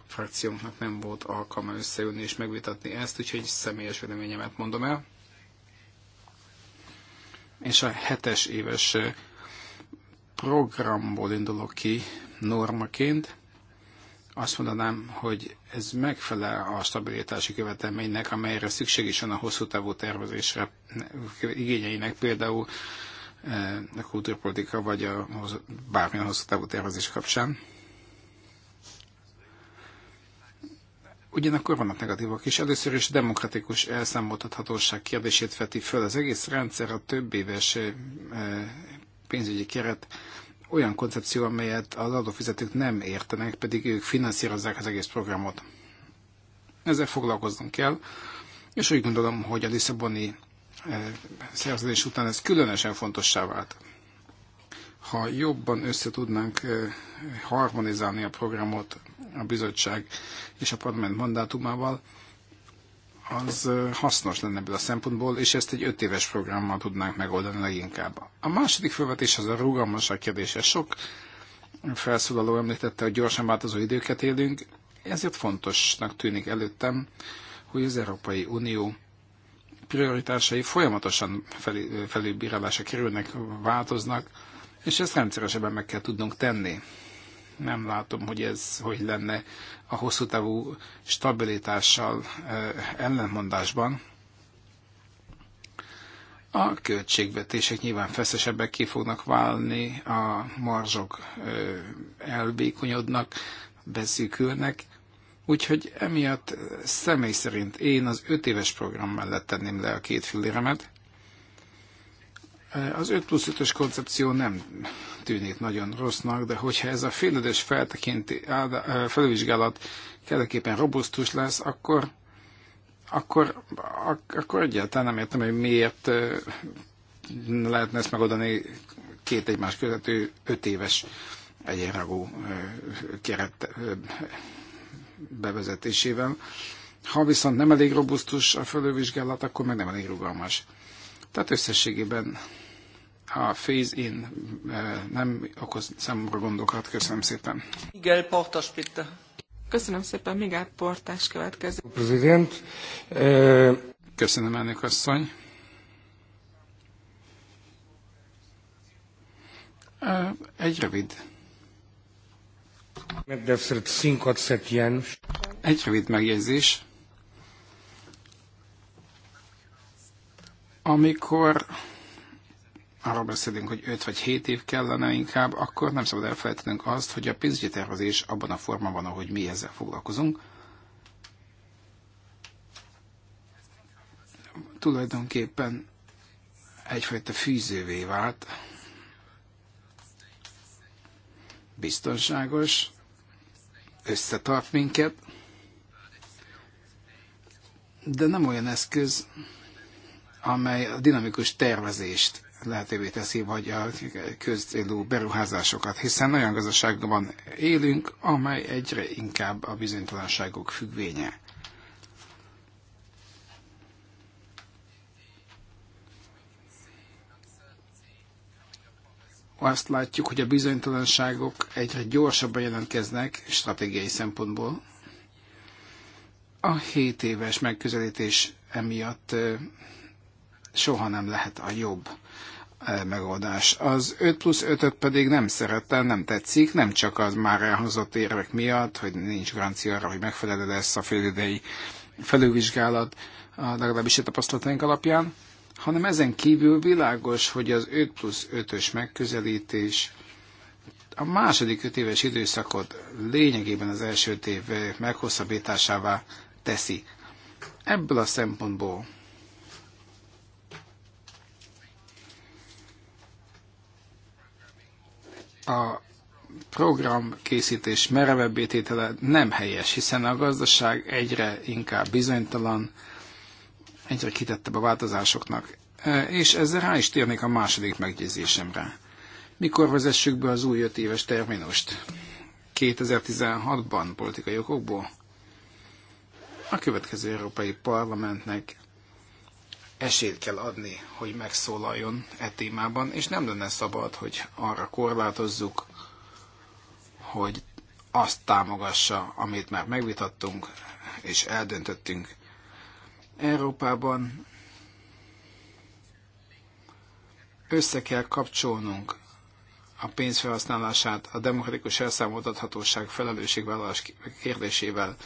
frakciónknak nem volt alkalma összeülni és megvitatni ezt, úgyhogy személyes véleményemet mondom el. És a hetes éves programból indulok ki normaként. Azt mondanám, hogy ez megfelel a stabilitási követelménynek, amelyre szükség is van a hosszú távú tervezésre igényeinek, például Eh, a kultúrpolitika vagy a bármilyen hosszú távú tervezés kapcsán. Ugyanakkor vannak negatívak is. Először is demokratikus elszámoltathatóság kérdését veti föl. Az egész rendszer a több éves eh, pénzügyi keret olyan koncepció, amelyet az adófizetők nem értenek, pedig ők finanszírozzák az egész programot. Ezzel foglalkoznunk kell, és úgy gondolom, hogy a Lisszaboni szerződés után ez különösen fontossá vált. Ha jobban össze tudnánk harmonizálni a programot a bizottság és a parlament mandátumával, az hasznos lenne ebből a szempontból, és ezt egy öt éves programmal tudnánk megoldani leginkább. A második felvetés az a rugalmasság kérdése. Sok felszólaló említette, hogy gyorsan változó időket élünk, ezért fontosnak tűnik előttem, hogy az Európai Unió prioritásai folyamatosan felé, felülbírálásra kerülnek, változnak, és ezt rendszeresebben meg kell tudnunk tenni. Nem látom, hogy ez hogy lenne a hosszú távú stabilitással eh, ellentmondásban. A költségvetések nyilván feszesebbek ki fognak válni, a marzsok eh, elvékonyodnak, beszűkülnek, Úgyhogy emiatt eh, személy szerint én az öt éves program mellett tenném le a két filléremet. Eh, az 5 plusz 5-ös koncepció nem tűnik nagyon rossznak, de hogyha ez a feltekinti eh, felvizsgálat kellőképpen robusztus lesz, akkor, akkor, ak- akkor egyáltalán nem értem, hogy miért lehetne ezt megoldani két egymás követő öt éves egyenragú keret bevezetésével. Ha viszont nem elég robusztus a fölővizsgálat, akkor meg nem elég rugalmas. Tehát összességében a phase-in eh, nem okoz számomra gondokat. Köszönöm szépen. Miguel Portas, bitte. Köszönöm szépen, Miguel Portás következő. Prezident. Eh, Köszönöm, elnök asszony. Eh, egy rövid egy rövid megjegyzés. Amikor arról beszélünk, hogy 5 vagy 7 év kellene inkább, akkor nem szabad elfelejtenünk azt, hogy a pénzügyi tervezés abban a formában, ahogy mi ezzel foglalkozunk, tulajdonképpen egyfajta fűzővé vált, biztonságos, összetart minket, de nem olyan eszköz, amely a dinamikus tervezést lehetővé teszi, vagy a közélú beruházásokat, hiszen olyan gazdaságban élünk, amely egyre inkább a bizonytalanságok függvénye. azt látjuk, hogy a bizonytalanságok egyre gyorsabban jelentkeznek stratégiai szempontból. A 7 éves megközelítés emiatt soha nem lehet a jobb megoldás. Az 5 plusz 5 pedig nem szerettem, nem tetszik, nem csak az már elhozott érvek miatt, hogy nincs garancia arra, hogy megfelelő lesz a félidei felülvizsgálat, legalábbis a tapasztalataink alapján, hanem ezen kívül világos, hogy az 5 plusz 5-ös megközelítés a második öt éves időszakot lényegében az első év meghosszabbításává teszi. Ebből a szempontból a programkészítés merevebbé tétele nem helyes, hiszen a gazdaság egyre inkább bizonytalan, egyre kitettebb a változásoknak. És ezzel rá is térnék a második megjegyzésemre. Mikor vezessük be az új öt éves terminust? 2016-ban politikai okokból? A következő Európai Parlamentnek esélyt kell adni, hogy megszólaljon e témában, és nem lenne szabad, hogy arra korlátozzuk, hogy azt támogassa, amit már megvitattunk és eldöntöttünk Európában össze kell kapcsolnunk a pénz felhasználását a demokratikus elszámoltathatóság felelősségvállalás kérdésével,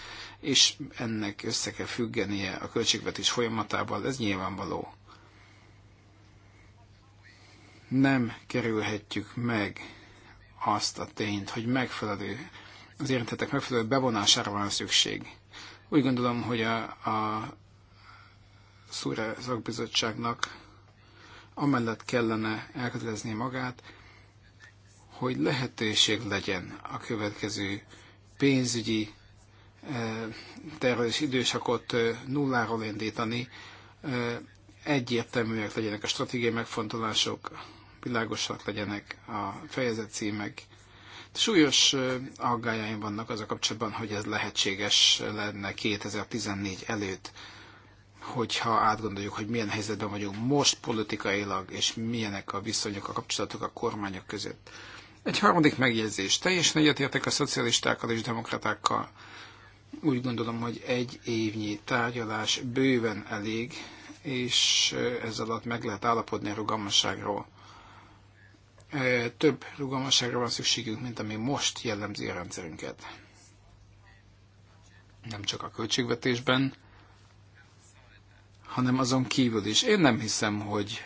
és ennek össze kell függenie a költségvetés folyamatával, ez nyilvánvaló. Nem kerülhetjük meg azt a tényt, hogy megfelelő, az érintettek megfelelő bevonására van szükség. Úgy gondolom, hogy a, a Szúre szakbizottságnak amellett kellene elkötelezni magát, hogy lehetőség legyen a következő pénzügyi eh, tervezés időszakot eh, nulláról indítani, eh, egyértelműek legyenek a stratégiai megfontolások, világosak legyenek a fejezet címek. Súlyos aggájaim vannak az a kapcsolatban, hogy ez lehetséges lenne 2014 előtt hogyha átgondoljuk, hogy milyen helyzetben vagyunk most politikailag, és milyenek a viszonyok, a kapcsolatok a kormányok között. Egy harmadik megjegyzés. Teljesen egyetértek a szocialistákkal és demokratákkal. Úgy gondolom, hogy egy évnyi tárgyalás bőven elég, és ez alatt meg lehet állapodni a rugalmasságról. Több rugalmasságra van szükségünk, mint ami most jellemzi a rendszerünket. Nem csak a költségvetésben, hanem azon kívül is. Én nem hiszem, hogy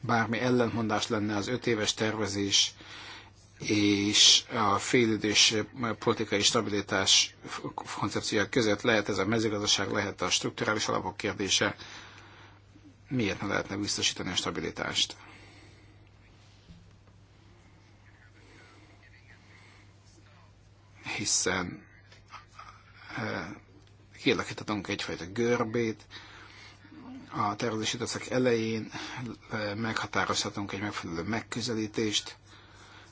bármi ellentmondás lenne az öt éves tervezés és a félidős politikai stabilitás koncepciója között lehet ez a mezőgazdaság, lehet a strukturális alapok kérdése. Miért ne lehetne biztosítani a stabilitást? Hiszen eh, kialakíthatunk egyfajta görbét, a tervezési időszak elején meghatározhatunk egy megfelelő megközelítést,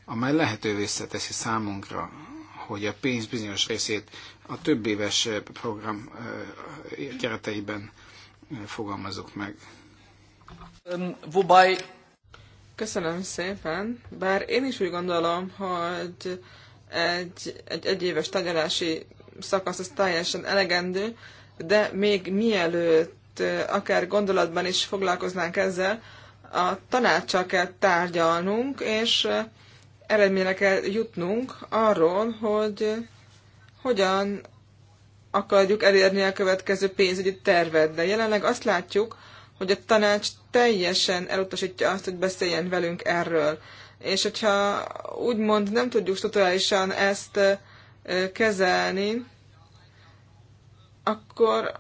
amely lehetővé teszi számunkra, hogy a pénz bizonyos részét a több éves program kereteiben fogalmazzuk meg. Köszönöm szépen, bár én is úgy gondolom, hogy egy, egy egyéves tárgyalási szakasz az teljesen elegendő, de még mielőtt akár gondolatban is foglalkoznánk ezzel, a tanácssal kell tárgyalnunk, és eredményre kell jutnunk arról, hogy hogyan akarjuk elérni a következő pénzügyi tervet. De jelenleg azt látjuk, hogy a tanács teljesen elutasítja azt, hogy beszéljen velünk erről. És hogyha úgymond nem tudjuk totálisan ezt kezelni, akkor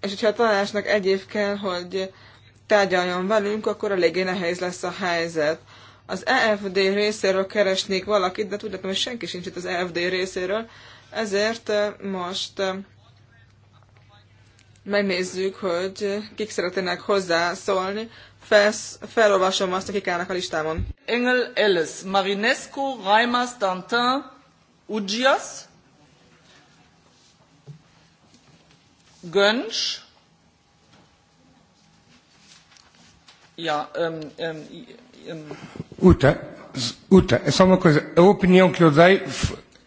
és hogyha a tanácsnak egy év kell, hogy tárgyaljon velünk, akkor eléggé nehéz lesz a helyzet. Az EFD részéről keresnék valakit, de tudatom, hogy senki sincs itt az EFD részéről, ezért eh, most eh, megnézzük, hogy kik szeretnének hozzászólni. Fesz, felolvasom azt, akik állnak a listámon. Engel Ellis, Marinescu, Reimers, Dantin, Ugyas, Gönsch. Ja, ähm, ähm, ähm. Uta, Uta, é só uma coisa. A opinião que eu dei,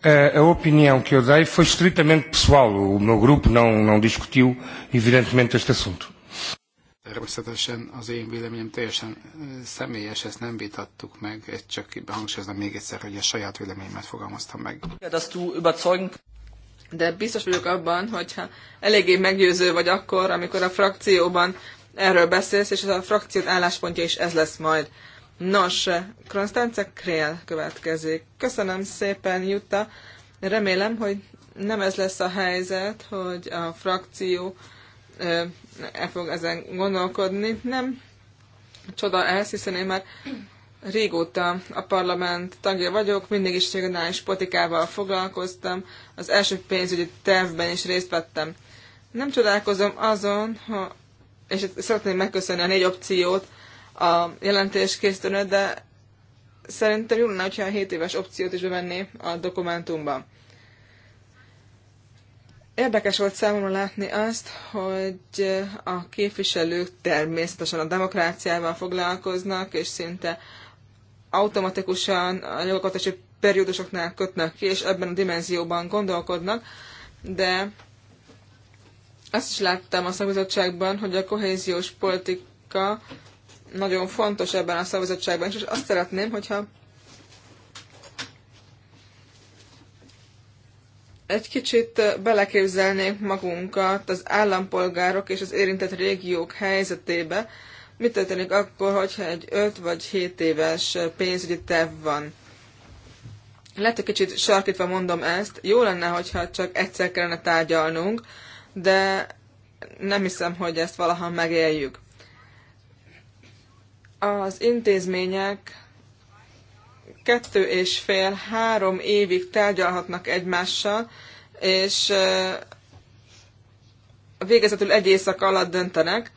a, a opinião que eu dei foi estritamente pessoal. O meu grupo não, não discutiu, evidentemente, este assunto. Természetesen az én véleményem teljesen eh, személyes, ezt nem vitattuk meg, ezt csak hangsúlyozom még egyszer, hogy a saját véleményemet fogalmaztam meg. Ja, dass du überzeugen de biztos vagyok abban, hogyha eléggé meggyőző vagy akkor, amikor a frakcióban erről beszélsz, és a frakciót álláspontja is ez lesz majd. Nos, Konstance Krél következik. Köszönöm szépen, Jutta. Remélem, hogy nem ez lesz a helyzet, hogy a frakció el fog ezen gondolkodni. Nem csoda ez, hiszen én már régóta a parlament tagja vagyok, mindig is regionális politikával foglalkoztam, az első pénzügyi tervben is részt vettem. Nem csodálkozom azon, ha, és szeretném megköszönni a négy opciót a jelentéskészítőnőt, de szerintem jó lenne, hogyha a 7 éves opciót is bevenné a dokumentumban. Érdekes volt számomra látni azt, hogy a képviselők természetesen a demokráciával foglalkoznak, és szinte automatikusan a jogalkotási periódusoknál kötnek ki, és ebben a dimenzióban gondolkodnak, de azt is láttam a szakbizottságban, hogy a kohéziós politika nagyon fontos ebben a szakbizottságban és azt szeretném, hogyha egy kicsit beleképzelnénk magunkat az állampolgárok és az érintett régiók helyzetébe, mi történik akkor, hogyha egy 5 vagy 7 éves pénzügyi terv van. Lehet, hogy kicsit sarkítva mondom ezt, jó lenne, hogyha csak egyszer kellene tárgyalnunk, de nem hiszem, hogy ezt valaha megéljük. Az intézmények kettő és fél, három évig tárgyalhatnak egymással, és végezetül egy éjszak alatt döntenek,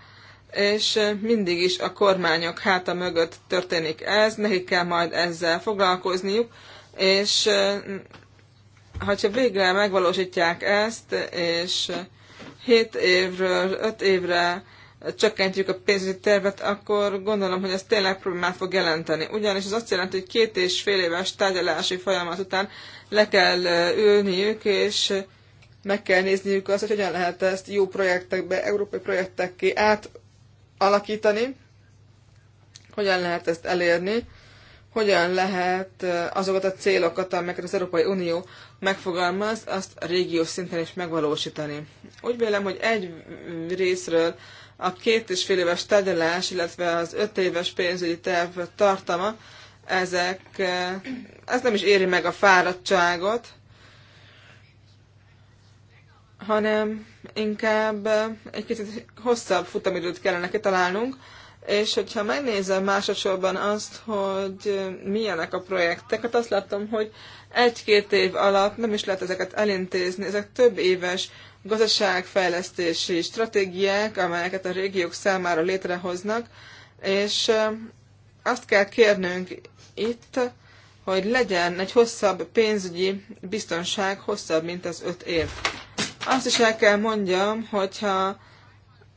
és mindig is a kormányok háta mögött történik ez, nekik kell majd ezzel foglalkozniuk, és ha végre megvalósítják ezt, és 7 évről 5 évre csökkentjük a pénzügyi tervet, akkor gondolom, hogy ez tényleg problémát fog jelenteni. Ugyanis ez azt jelenti, hogy két és fél éves tárgyalási folyamat után le kell ülniük, és meg kell nézniük azt, hogy hogyan lehet ezt jó projektekbe, európai projektekké átalakítani, hogyan lehet ezt elérni, hogyan lehet azokat a célokat, amelyeket az Európai Unió megfogalmaz, azt a régiós szinten is megvalósítani. Úgy vélem, hogy egy részről a két és fél éves tárgyalás, illetve az öt éves pénzügyi terv tartama, ezek, ez nem is éri meg a fáradtságot, hanem inkább egy kicsit hosszabb futamidőt kellene kitalálnunk, és hogyha megnézem másodszorban azt, hogy milyenek a projektek, hát azt láttam, hogy egy-két év alatt nem is lehet ezeket elintézni. Ezek több éves gazdaságfejlesztési stratégiák, amelyeket a régiók számára létrehoznak, és azt kell kérnünk itt, hogy legyen egy hosszabb pénzügyi biztonság, hosszabb, mint az öt év. Azt is el kell mondjam, hogyha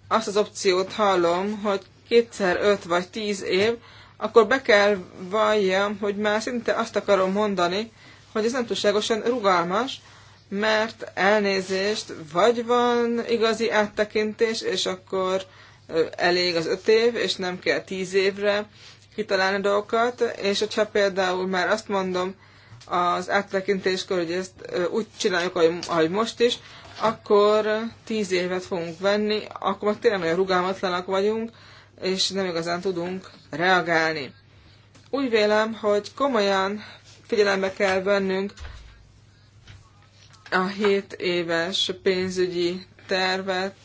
azt az opciót hallom, hogy kétszer öt vagy tíz év, akkor be kell valljam, hogy már szinte azt akarom mondani, hogy ez nem túlságosan rugalmas, mert elnézést, vagy van igazi áttekintés, és akkor elég az öt év, és nem kell tíz évre kitalálni dolgokat, és hogyha például már azt mondom az áttekintéskor, hogy ezt úgy csináljuk, ahogy most is, akkor tíz évet fogunk venni, akkor meg tényleg nagyon rugalmatlanak vagyunk, és nem igazán tudunk reagálni. Úgy vélem, hogy komolyan figyelembe kell vennünk a 7 éves pénzügyi tervet.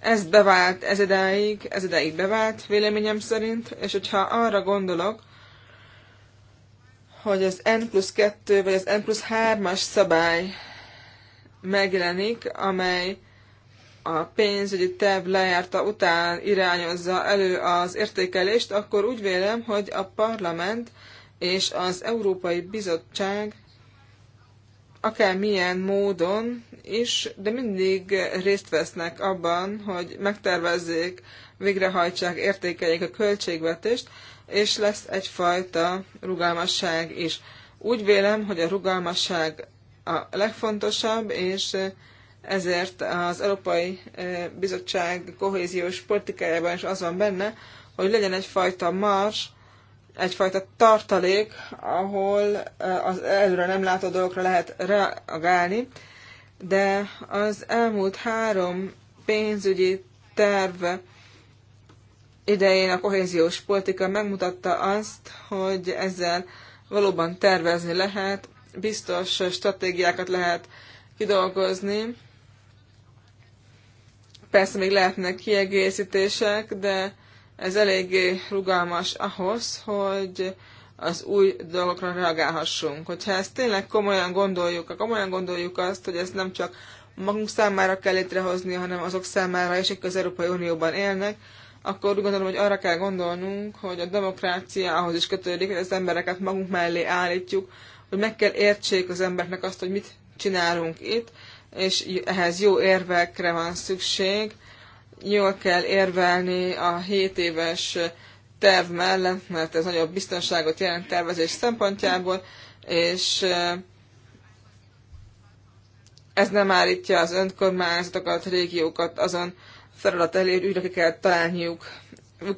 Ez bevált ez ideig, ez ideig bevált véleményem szerint, és hogyha arra gondolok, hogy az N plusz 2 vagy az N plusz 3-as szabály megjelenik, amely a pénzügyi terv lejárta után irányozza elő az értékelést, akkor úgy vélem, hogy a parlament és az Európai Bizottság akármilyen módon is, de mindig részt vesznek abban, hogy megtervezzék, végrehajtsák, értékeljék a költségvetést, és lesz egyfajta rugalmasság is. Úgy vélem, hogy a rugalmasság a legfontosabb, és ezért az Európai Bizottság kohéziós politikájában is az van benne, hogy legyen egyfajta mars, egyfajta tartalék, ahol az előre nem látó dolgokra lehet reagálni, de az elmúlt három pénzügyi terv idején a kohéziós politika megmutatta azt, hogy ezzel valóban tervezni lehet, biztos stratégiákat lehet kidolgozni, Persze még lehetnek kiegészítések, de ez eléggé rugalmas ahhoz, hogy az új dolgokra reagálhassunk. Hogyha ezt tényleg komolyan gondoljuk, akkor komolyan gondoljuk azt, hogy ezt nem csak magunk számára kell létrehozni, hanem azok számára is, akik az Európai Unióban élnek, akkor úgy gondolom, hogy arra kell gondolnunk, hogy a demokrácia ahhoz is kötődik, hogy az embereket magunk mellé állítjuk, hogy meg kell értsék az embereknek azt, hogy mit csinálunk itt, és ehhez jó érvekre van szükség. Jól kell érvelni a 7 éves terv mellett, mert ez nagyobb biztonságot jelent tervezés szempontjából, és ez nem állítja az önkormányzatokat, régiókat azon feladat elé, hogy újra kell találniuk,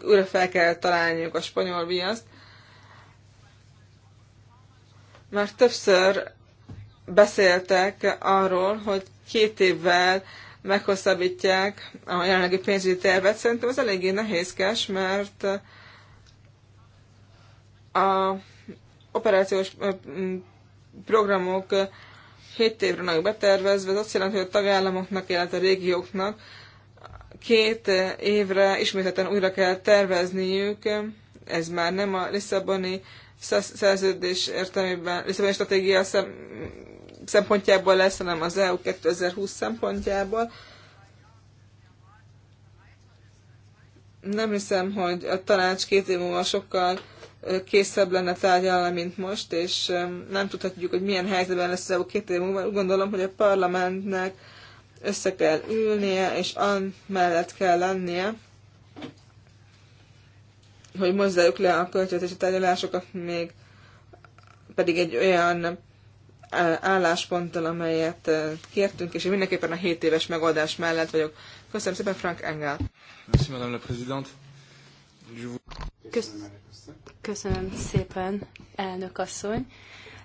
újra fel kell találniuk a spanyol viaszt. Már többször beszéltek arról, hogy két évvel meghosszabbítják a jelenlegi pénzügyi tervet. Szerintem ez eléggé nehézkes, mert a operációs programok 7 évre vannak betervezve, ez azt jelenti, hogy a tagállamoknak, illetve a régióknak két évre ismételten újra kell tervezniük, ez már nem a Lisszaboni szerződés értelmében, Lisszaboni stratégia szem, szempontjából lesz, hanem az EU 2020 szempontjából. Nem hiszem, hogy a tanács két év múlva sokkal készebb lenne tárgyalni, mint most, és nem tudhatjuk, hogy milyen helyzetben lesz az EU két év múlva. Úgy gondolom, hogy a parlamentnek össze kell ülnie, és mellett kell lennie, hogy mozzájuk le a költségvetési tárgyalásokat még pedig egy olyan állásponttal, amelyet kértünk, és én mindenképpen a 7 éves megoldás mellett vagyok. Köszönöm szépen, Frank Engel. Köszönöm szépen, elnök asszony.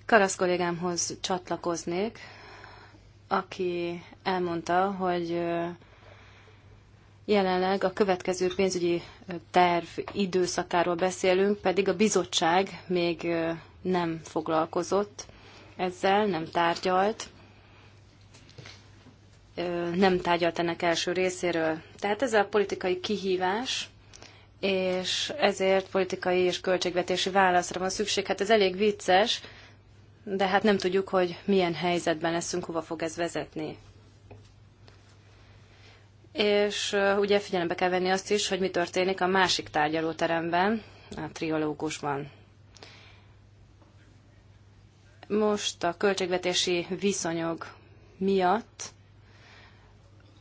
Karasz kollégámhoz csatlakoznék, aki elmondta, hogy jelenleg a következő pénzügyi terv időszakáról beszélünk, pedig a bizottság még nem foglalkozott ezzel, nem tárgyalt, nem tárgyalt ennek első részéről. Tehát ez a politikai kihívás, és ezért politikai és költségvetési válaszra van szükség. Hát ez elég vicces, de hát nem tudjuk, hogy milyen helyzetben leszünk, hova fog ez vezetni. És ugye figyelembe kell venni azt is, hogy mi történik a másik tárgyalóteremben, a triológusban. Most a költségvetési viszonyok miatt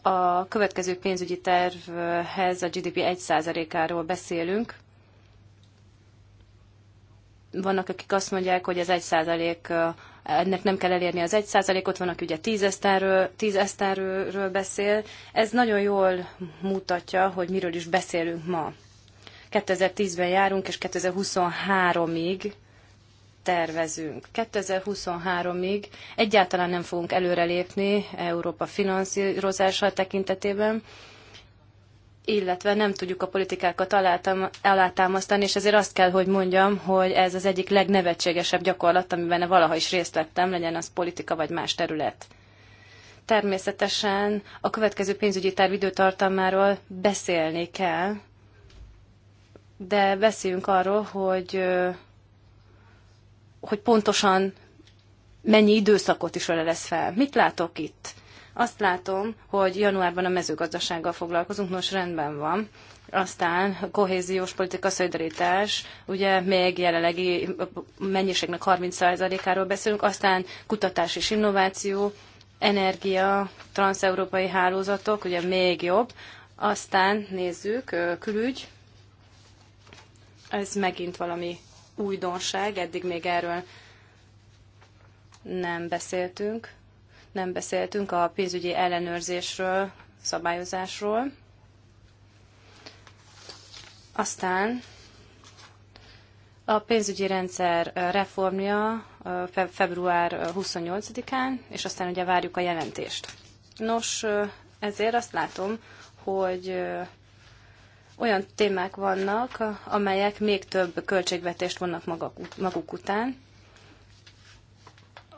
a következő pénzügyi tervhez a GDP 1%-áról beszélünk. Vannak, akik azt mondják, hogy az 1% ennek nem kell elérni az 1%-ot, van, aki ugye 10 esztárről, 10 esztárről beszél. Ez nagyon jól mutatja, hogy miről is beszélünk ma. 2010-ben járunk, és 2023-ig tervezünk. 2023-ig egyáltalán nem fogunk előrelépni Európa finanszírozása tekintetében, illetve nem tudjuk a politikákat alátámasztani, és ezért azt kell, hogy mondjam, hogy ez az egyik legnevetségesebb gyakorlat, amiben valaha is részt vettem, legyen az politika vagy más terület. Természetesen a következő pénzügyi terv időtartamáról beszélni kell, de beszéljünk arról, hogy hogy pontosan mennyi időszakot is lesz fel. Mit látok itt? Azt látom, hogy januárban a mezőgazdasággal foglalkozunk, most rendben van. Aztán a kohéziós politika, szolidaritás, ugye még jelenlegi mennyiségnek 30%-áról beszélünk, aztán kutatás és innováció, energia, transeurópai hálózatok, ugye még jobb. Aztán nézzük, külügy, ez megint valami újdonság, eddig még erről nem beszéltünk. Nem beszéltünk a pénzügyi ellenőrzésről, szabályozásról. Aztán a pénzügyi rendszer reformja február 28-án, és aztán ugye várjuk a jelentést. Nos, ezért azt látom, hogy olyan témák vannak, amelyek még több költségvetést vonnak maguk, maguk után.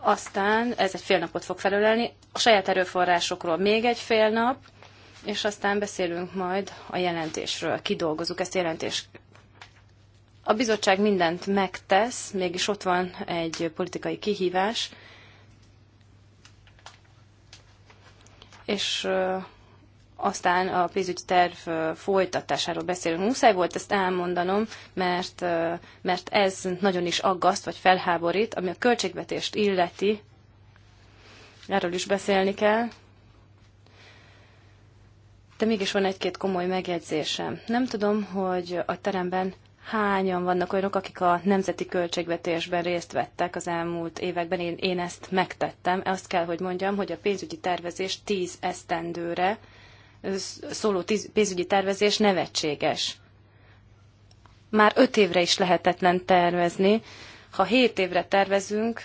Aztán ez egy fél napot fog felölelni. A saját erőforrásokról még egy fél nap, és aztán beszélünk majd a jelentésről. Kidolgozunk ezt jelentés. A bizottság mindent megtesz, mégis ott van egy politikai kihívás, és aztán a pénzügyi terv folytatásáról beszélünk. Muszáj volt ezt elmondanom, mert, mert ez nagyon is aggaszt, vagy felháborít, ami a költségvetést illeti. Erről is beszélni kell. De mégis van egy-két komoly megjegyzésem. Nem tudom, hogy a teremben hányan vannak olyanok, akik a nemzeti költségvetésben részt vettek az elmúlt években. Én, én ezt megtettem. Azt kell, hogy mondjam, hogy a pénzügyi tervezés tíz esztendőre szóló pénzügyi tervezés nevetséges. Már öt évre is lehetetlen tervezni. Ha hét évre tervezünk,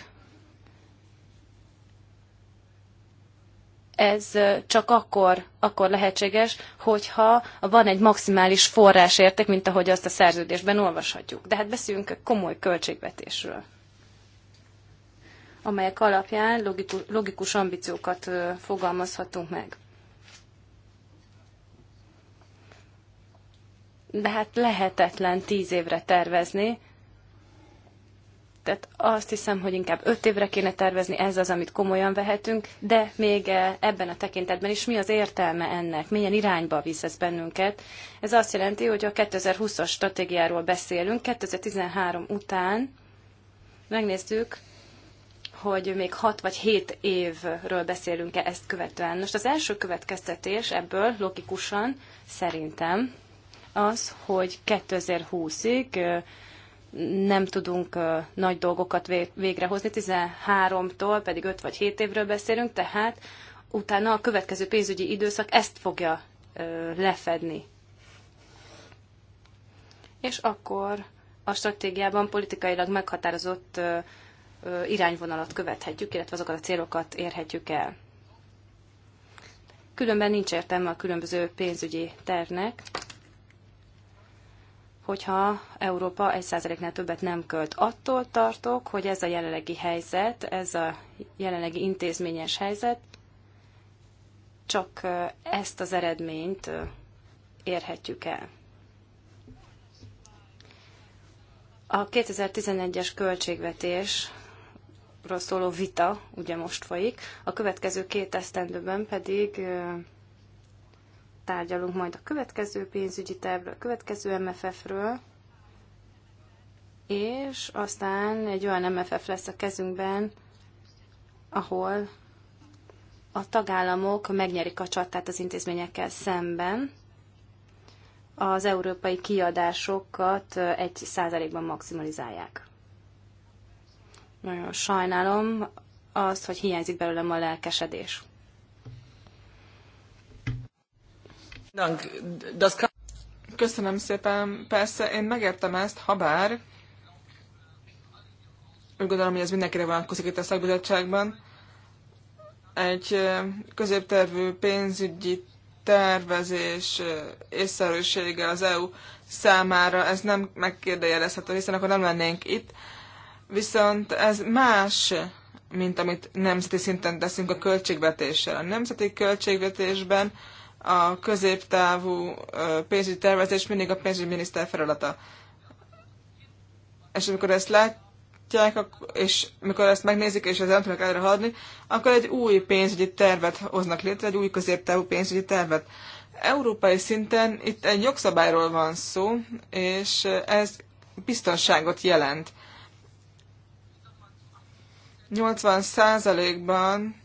ez csak akkor, akkor lehetséges, hogyha van egy maximális forrásérték, mint ahogy azt a szerződésben olvashatjuk. De hát beszéljünk komoly költségvetésről amelyek alapján logikus, logikus ambíciókat fogalmazhatunk meg. de hát lehetetlen tíz évre tervezni. Tehát azt hiszem, hogy inkább öt évre kéne tervezni, ez az, amit komolyan vehetünk, de még eh, ebben a tekintetben is mi az értelme ennek, milyen irányba visz ez bennünket. Ez azt jelenti, hogy a 2020-as stratégiáról beszélünk, 2013 után megnézzük, hogy még 6 vagy 7 évről beszélünk-e ezt követően. Most az első következtetés ebből logikusan szerintem az, hogy 2020-ig nem tudunk nagy dolgokat végrehozni, 13-tól pedig 5 vagy 7 évről beszélünk, tehát utána a következő pénzügyi időszak ezt fogja lefedni. És akkor a stratégiában politikailag meghatározott irányvonalat követhetjük, illetve azokat a célokat érhetjük el. Különben nincs értelme a különböző pénzügyi tervnek, hogyha Európa 1%-nál többet nem költ. Attól tartok, hogy ez a jelenlegi helyzet, ez a jelenlegi intézményes helyzet csak ezt az eredményt érhetjük el. A 2011-es költségvetés szóló vita ugye most folyik, a következő két esztendőben pedig tárgyalunk majd a következő pénzügyi tervről, a következő MFF-ről, és aztán egy olyan MFF lesz a kezünkben, ahol a tagállamok megnyerik a csatát az intézményekkel szemben, az európai kiadásokat egy százalékban maximalizálják. Nagyon sajnálom azt, hogy hiányzik belőlem a lelkesedés. Köszönöm szépen. Persze, én megértem ezt, ha bár úgy gondolom, hogy ez mindenkire vonatkozik itt a szakbizottságban. Egy középtervű pénzügyi tervezés észszerűsége az EU számára, ez nem megkérdőjelezhető, hiszen akkor nem lennénk itt. Viszont ez más, mint amit nemzeti szinten teszünk a költségvetéssel. A nemzeti költségvetésben a középtávú pénzügyi tervezés mindig a pénzügyminiszter feladata. És amikor ezt látják, és mikor ezt megnézik, és az nem tudnak előre haladni, akkor egy új pénzügyi tervet hoznak létre, egy új középtávú pénzügyi tervet. Európai szinten itt egy jogszabályról van szó, és ez biztonságot jelent. 80 százalékban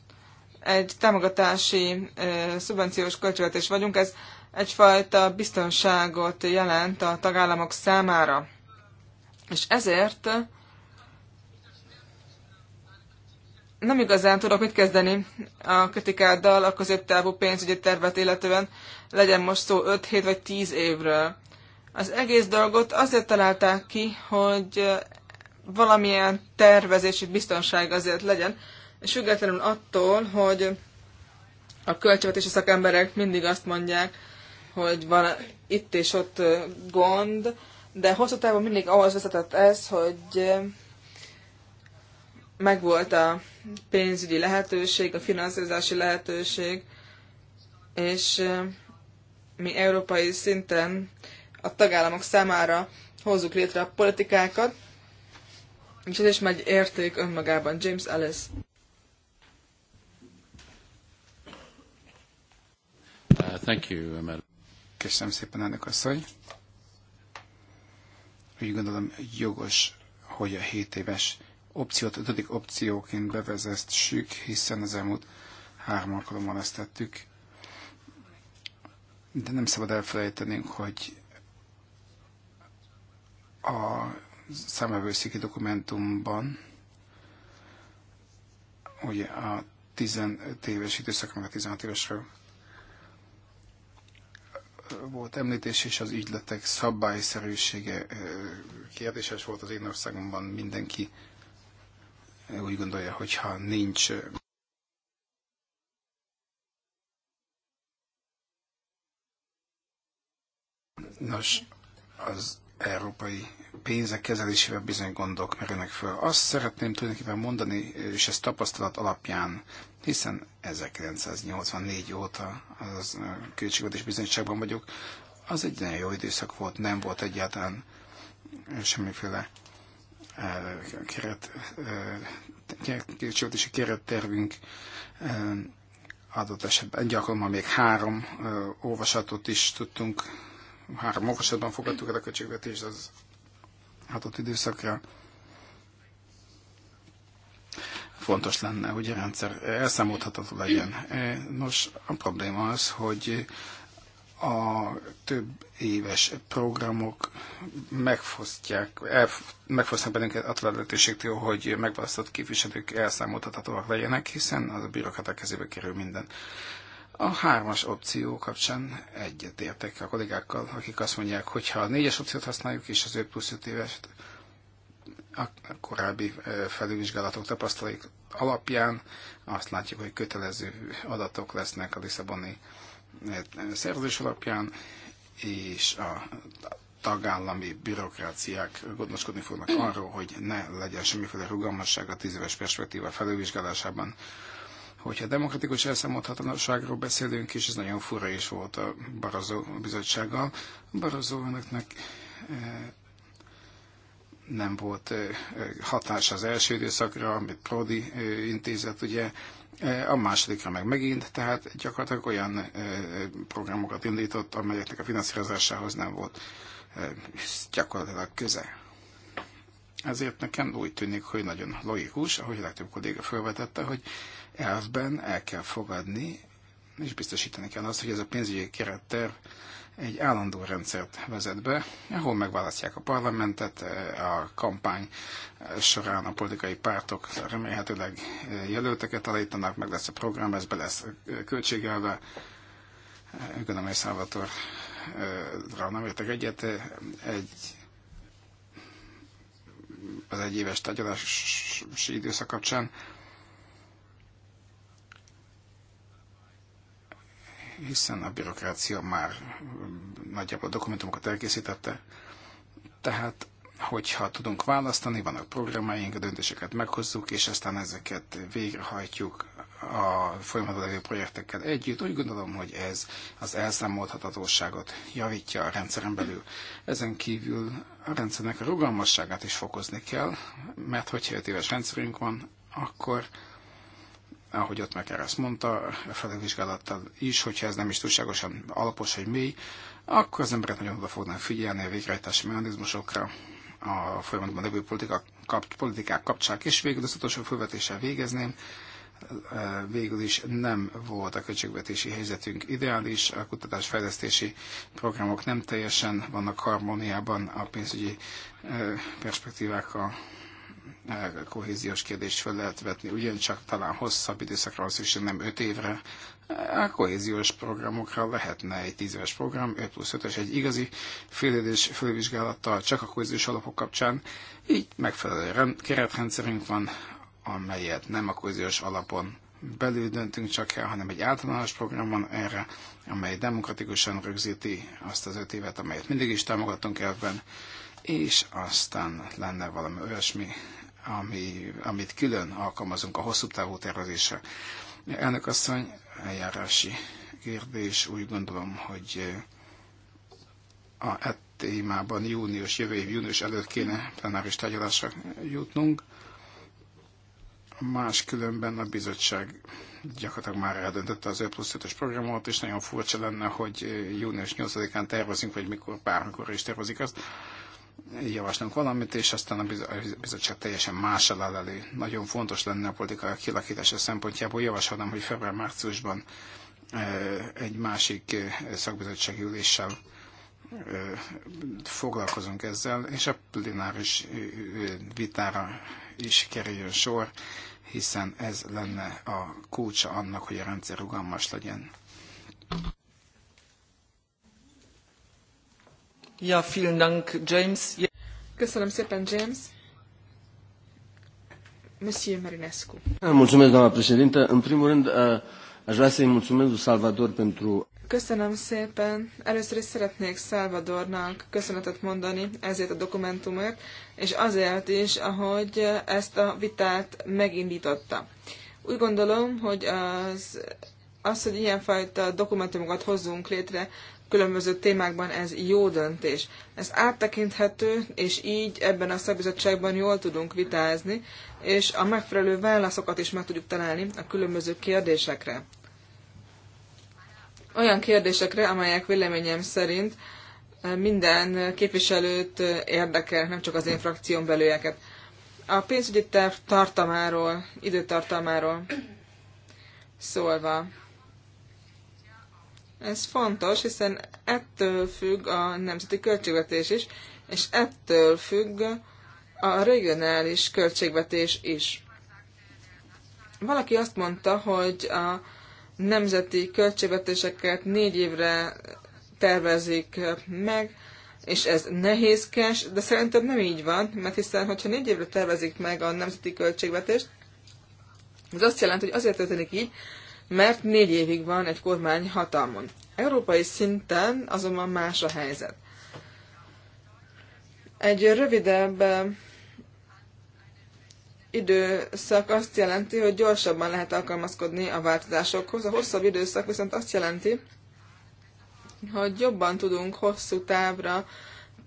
egy támogatási szubvenciós költségvetés vagyunk, ez egyfajta biztonságot jelent a tagállamok számára. És ezért nem igazán tudok mit kezdeni a kritikáddal a középtávú pénzügyi tervet illetően, legyen most szó 5, 7 vagy 10 évről. Az egész dolgot azért találták ki, hogy valamilyen tervezési biztonság azért legyen, és függetlenül attól, hogy a költségvetési szakemberek mindig azt mondják, hogy van itt és ott gond, de hosszú távon mindig ahhoz vezetett ez, hogy megvolt a pénzügyi lehetőség, a finanszírozási lehetőség, és mi európai szinten a tagállamok számára hozzuk létre a politikákat, és ez is megy érték önmagában. James Ellis. Thank you, Köszönöm szépen, elnök asszony. Úgy gondolom jogos, hogy a 7 éves opciót ötödik opcióként bevezessük, hiszen az elmúlt három alkalommal ezt tettük. De nem szabad elfelejtenünk, hogy a számövőszéki dokumentumban, ugye a 15 éves időszak, meg a 16 évesről volt említés, és az ügyletek szabályszerűsége kérdéses volt az én országomban. Mindenki úgy gondolja, hogy ha nincs Nos, az európai pénzek kezelésével bizony gondok merülnek föl. Azt szeretném tulajdonképpen mondani, és ez tapasztalat alapján, hiszen 1984 óta az költségvetés bizonyságban vagyok, az egy nagyon jó időszak volt, nem volt egyáltalán semmiféle keret, és kerettervünk adott esetben. Egy alkalommal még három olvasatot is tudtunk, három olvasatban fogadtuk el a költségvetést, az adott időszakra. Fontos lenne, hogy a rendszer elszámoltható legyen. E, nos, a probléma az, hogy a több éves programok megfosztják, el, megfosztják bennünket attól a lehetőségtől, hogy megválasztott képviselők elszámoltathatóak legyenek, hiszen az a bürokraták kezébe kerül minden. A hármas opció kapcsán egyetértek a kollégákkal, akik azt mondják, hogy ha a négyes opciót használjuk, és az 5 plusz 5 éves a korábbi felülvizsgálatok tapasztalaik alapján azt látjuk, hogy kötelező adatok lesznek a Lisszaboni szerződés alapján, és a tagállami bürokráciák gondoskodni fognak arról, hogy ne legyen semmiféle rugalmasság a tíz éves perspektíva felülvizsgálásában. Hogyha demokratikus elszámolhatatlanságról beszélünk, és ez nagyon fura is volt a Barozó bizottsággal, Barozó önöknek eh, nem volt eh, hatás az első időszakra, amit Prodi eh, intézett, ugye, a másodikra meg megint, tehát gyakorlatilag olyan programokat indított, amelyeknek a finanszírozásához nem volt gyakorlatilag köze. Ezért nekem úgy tűnik, hogy nagyon logikus, ahogy a legtöbb kolléga felvetette, hogy elvben el kell fogadni, és biztosítani kell azt, hogy ez a pénzügyi keretterv egy állandó rendszert vezet be, ahol megválasztják a parlamentet, a kampány során a politikai pártok remélhetőleg jelölteket alítanak, meg lesz a program, ez be lesz költségelve. Gondolom, hogy szávator nem értek egyet, egy az egyéves tárgyalási időszak kapcsán hiszen a bürokrácia már nagyjából dokumentumokat elkészítette. Tehát, hogyha tudunk választani, vannak programjaink, a döntéseket meghozzuk, és aztán ezeket végrehajtjuk a folyamatban levő projektekkel együtt. Úgy gondolom, hogy ez az elszámolhatatóságot javítja a rendszeren belül. Ezen kívül a rendszernek a rugalmasságát is fokozni kell, mert hogyha 5 éves rendszerünk van, akkor ahogy ott meg ezt mondta, felülvizsgálattal is, hogyha ez nem is túlságosan alapos hogy mély, akkor az emberek nagyon oda fognak figyelni a végrehajtási mechanizmusokra, a folyamatban levő politika, kap, politikák kapcsán, és végül az utolsó felvetéssel végezném, végül is nem volt a költségvetési helyzetünk ideális, a kutatásfejlesztési programok nem teljesen vannak harmóniában a pénzügyi perspektívákkal, E, kohéziós kérdést fel lehet vetni, ugyancsak talán hosszabb időszakra van szükség, nem 5 évre. A e, kohéziós programokra lehetne egy 10 éves program, 5 plusz 5-ös, egy igazi félidős fölvizsgálattal csak a kohéziós alapok kapcsán. Így megfelelő rend, keretrendszerünk van, amelyet nem a kohéziós alapon belül döntünk csak el, hanem egy általános program van erre, amely demokratikusan rögzíti azt az öt évet, amelyet mindig is támogatunk ebben és aztán lenne valami olyasmi, ami, amit külön alkalmazunk a hosszú távú tervezésre. Elnök asszony, eljárási kérdés, úgy gondolom, hogy eh, a, e témában június, jövő év június előtt kéne plenáris tárgyalásra jutnunk. Más különben a bizottság gyakorlatilag már eldöntötte az 5 plusz 5-ös programot, és nagyon furcsa lenne, hogy eh, június 8-án tervezünk, vagy mikor, bármikor is tervezik azt, javaslunk valamit, és aztán a bizottság teljesen mással áll elő. Nagyon fontos lenne a politika kilakítása szempontjából. Javasolom, hogy február-márciusban egy másik szakbizottsági üléssel foglalkozunk ezzel, és a plenáris vitára is kerüljön sor, hiszen ez lenne a kulcsa annak, hogy a rendszer rugalmas legyen. Ja, vielen Dank, James. Köszönöm szépen, James. Monsieur Marinescu. Ah, mulțumesc, doamna președintă. În primul rând, eh, aș vrea să-i mulțumesc lui Salvador pentru... Köszönöm szépen. Először is szeretnék Salvadornak köszönetet mondani ezért a dokumentumért, és azért is, ahogy ezt a vitát megindította. Úgy gondolom, hogy az, az hogy ilyenfajta dokumentumokat hozzunk létre különböző témákban ez jó döntés. Ez áttekinthető, és így ebben a szakbizottságban jól tudunk vitázni, és a megfelelő válaszokat is meg tudjuk találni a különböző kérdésekre. Olyan kérdésekre, amelyek véleményem szerint eh, minden képviselőt eh, érdekel, nem csak az én frakción belőleket. A pénzügyi terv tartamáról, időtartamáról szólva. Ez fontos, hiszen ettől függ a nemzeti költségvetés is, és ettől függ a regionális költségvetés is. Valaki azt mondta, hogy a nemzeti költségvetéseket négy évre tervezik meg, és ez nehézkes, de szerintem nem így van, mert hiszen, hogyha négy évre tervezik meg a nemzeti költségvetést, ez azt jelenti, hogy azért történik így, mert négy évig van egy kormány hatalmon. Európai szinten azonban más a helyzet. Egy rövidebb eh, időszak azt jelenti, hogy gyorsabban lehet alkalmazkodni a változásokhoz. A hosszabb időszak viszont azt jelenti, hogy jobban tudunk hosszú távra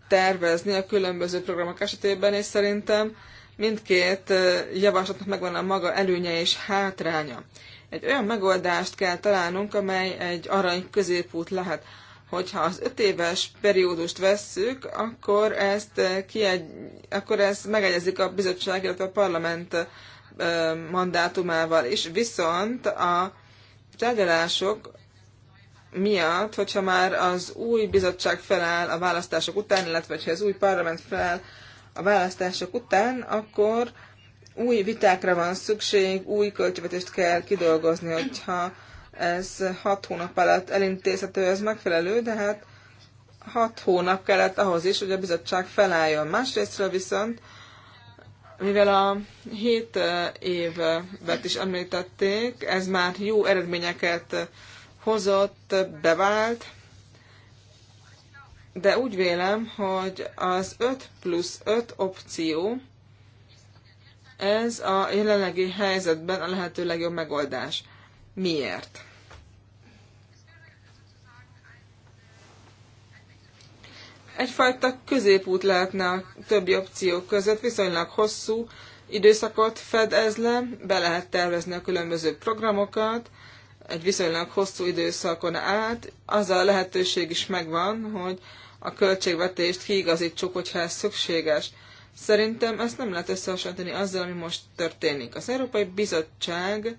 tervezni a különböző programok esetében, és szerintem mindkét eh, javaslatnak megvan a maga előnye és hátránya. Egy olyan megoldást kell találnunk, amely egy arany középút lehet. Hogyha az öt éves periódust vesszük, akkor, ezt eh, kiegy, akkor ez megegyezik a bizottság, illetve a parlament eh, mandátumával is. Viszont a tárgyalások miatt, hogyha már az új bizottság feláll a választások után, illetve ha az új parlament feláll a választások után, akkor új vitákra van szükség, új költségvetést kell kidolgozni, hogyha ez hat hónap alatt elintézhető, ez megfelelő, de hát hat hónap kellett ahhoz is, hogy a bizottság felálljon. Másrésztről viszont, mivel a hét évet is említették, ez már jó eredményeket hozott, bevált, de úgy vélem, hogy az 5 plusz 5 opció, ez a jelenlegi helyzetben a lehető legjobb megoldás. Miért? Egyfajta középút lehetne a többi opciók között, viszonylag hosszú időszakot fed ez le, be lehet tervezni a különböző programokat, egy viszonylag hosszú időszakon át, az a lehetőség is megvan, hogy a költségvetést kiigazítsuk, hogyha ez szükséges. Szerintem ezt nem lehet összehasonlítani azzal, ami most történik. Az Európai Bizottság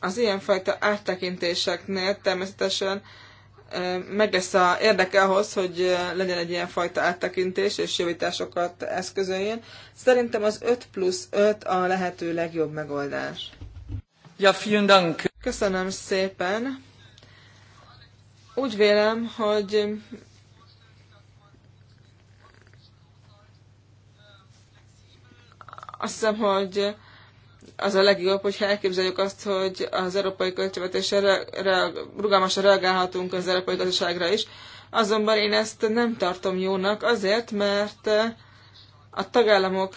az ilyenfajta áttekintéseknél természetesen meg lesz a érdeke ahhoz, hogy legyen egy ilyen fajta áttekintés és javításokat eszközöljön. Szerintem az 5 plusz 5 a lehető legjobb megoldás. Ja, vielen Dank. Köszönöm szépen. Úgy vélem, hogy Azt hiszem, hogy az a legjobb, hogyha elképzeljük azt, hogy az európai költségvetésre re- re- rugalmasan reagálhatunk az európai gazdaságra is. Azonban én ezt nem tartom jónak azért, mert a tagállamok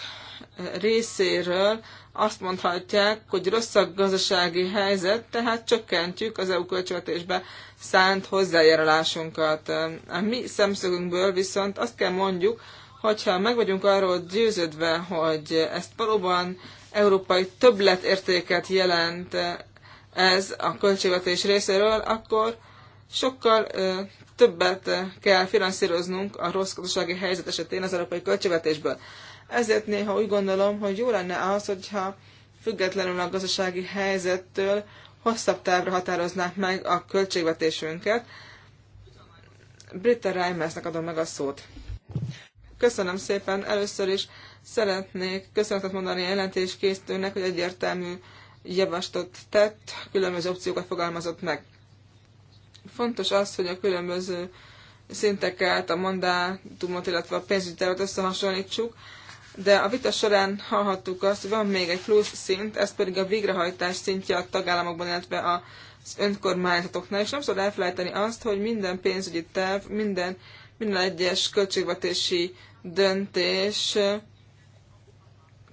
részéről azt mondhatják, hogy rossz a gazdasági helyzet, tehát csökkentjük az EU költségvetésbe szánt hozzájárulásunkat. A mi szemszögünkből viszont azt kell mondjuk, hogyha meg vagyunk arról győződve, hogy ezt valóban európai többletértéket jelent ez a költségvetés részéről, akkor sokkal többet kell finanszíroznunk a rossz gazdasági helyzet esetén az európai költségvetésből. Ezért néha úgy gondolom, hogy jó lenne az, hogyha függetlenül a gazdasági helyzettől hosszabb távra határoznák meg a költségvetésünket. Britta Reimersnek adom meg a szót. Köszönöm szépen. Először is szeretnék köszönetet mondani a jelentéskészítőnek, hogy egyértelmű javaslatot tett, különböző opciókat fogalmazott meg. Fontos az, hogy a különböző szinteket, a mandátumot, illetve a pénzügyi tervet összehasonlítsuk, de a vita során hallhattuk azt, hogy van még egy plusz szint, ez pedig a végrehajtás szintje a tagállamokban, illetve az önkormányzatoknál, és nem szabad elfelejteni azt, hogy minden pénzügyi terv, minden, minden egyes költségvetési döntés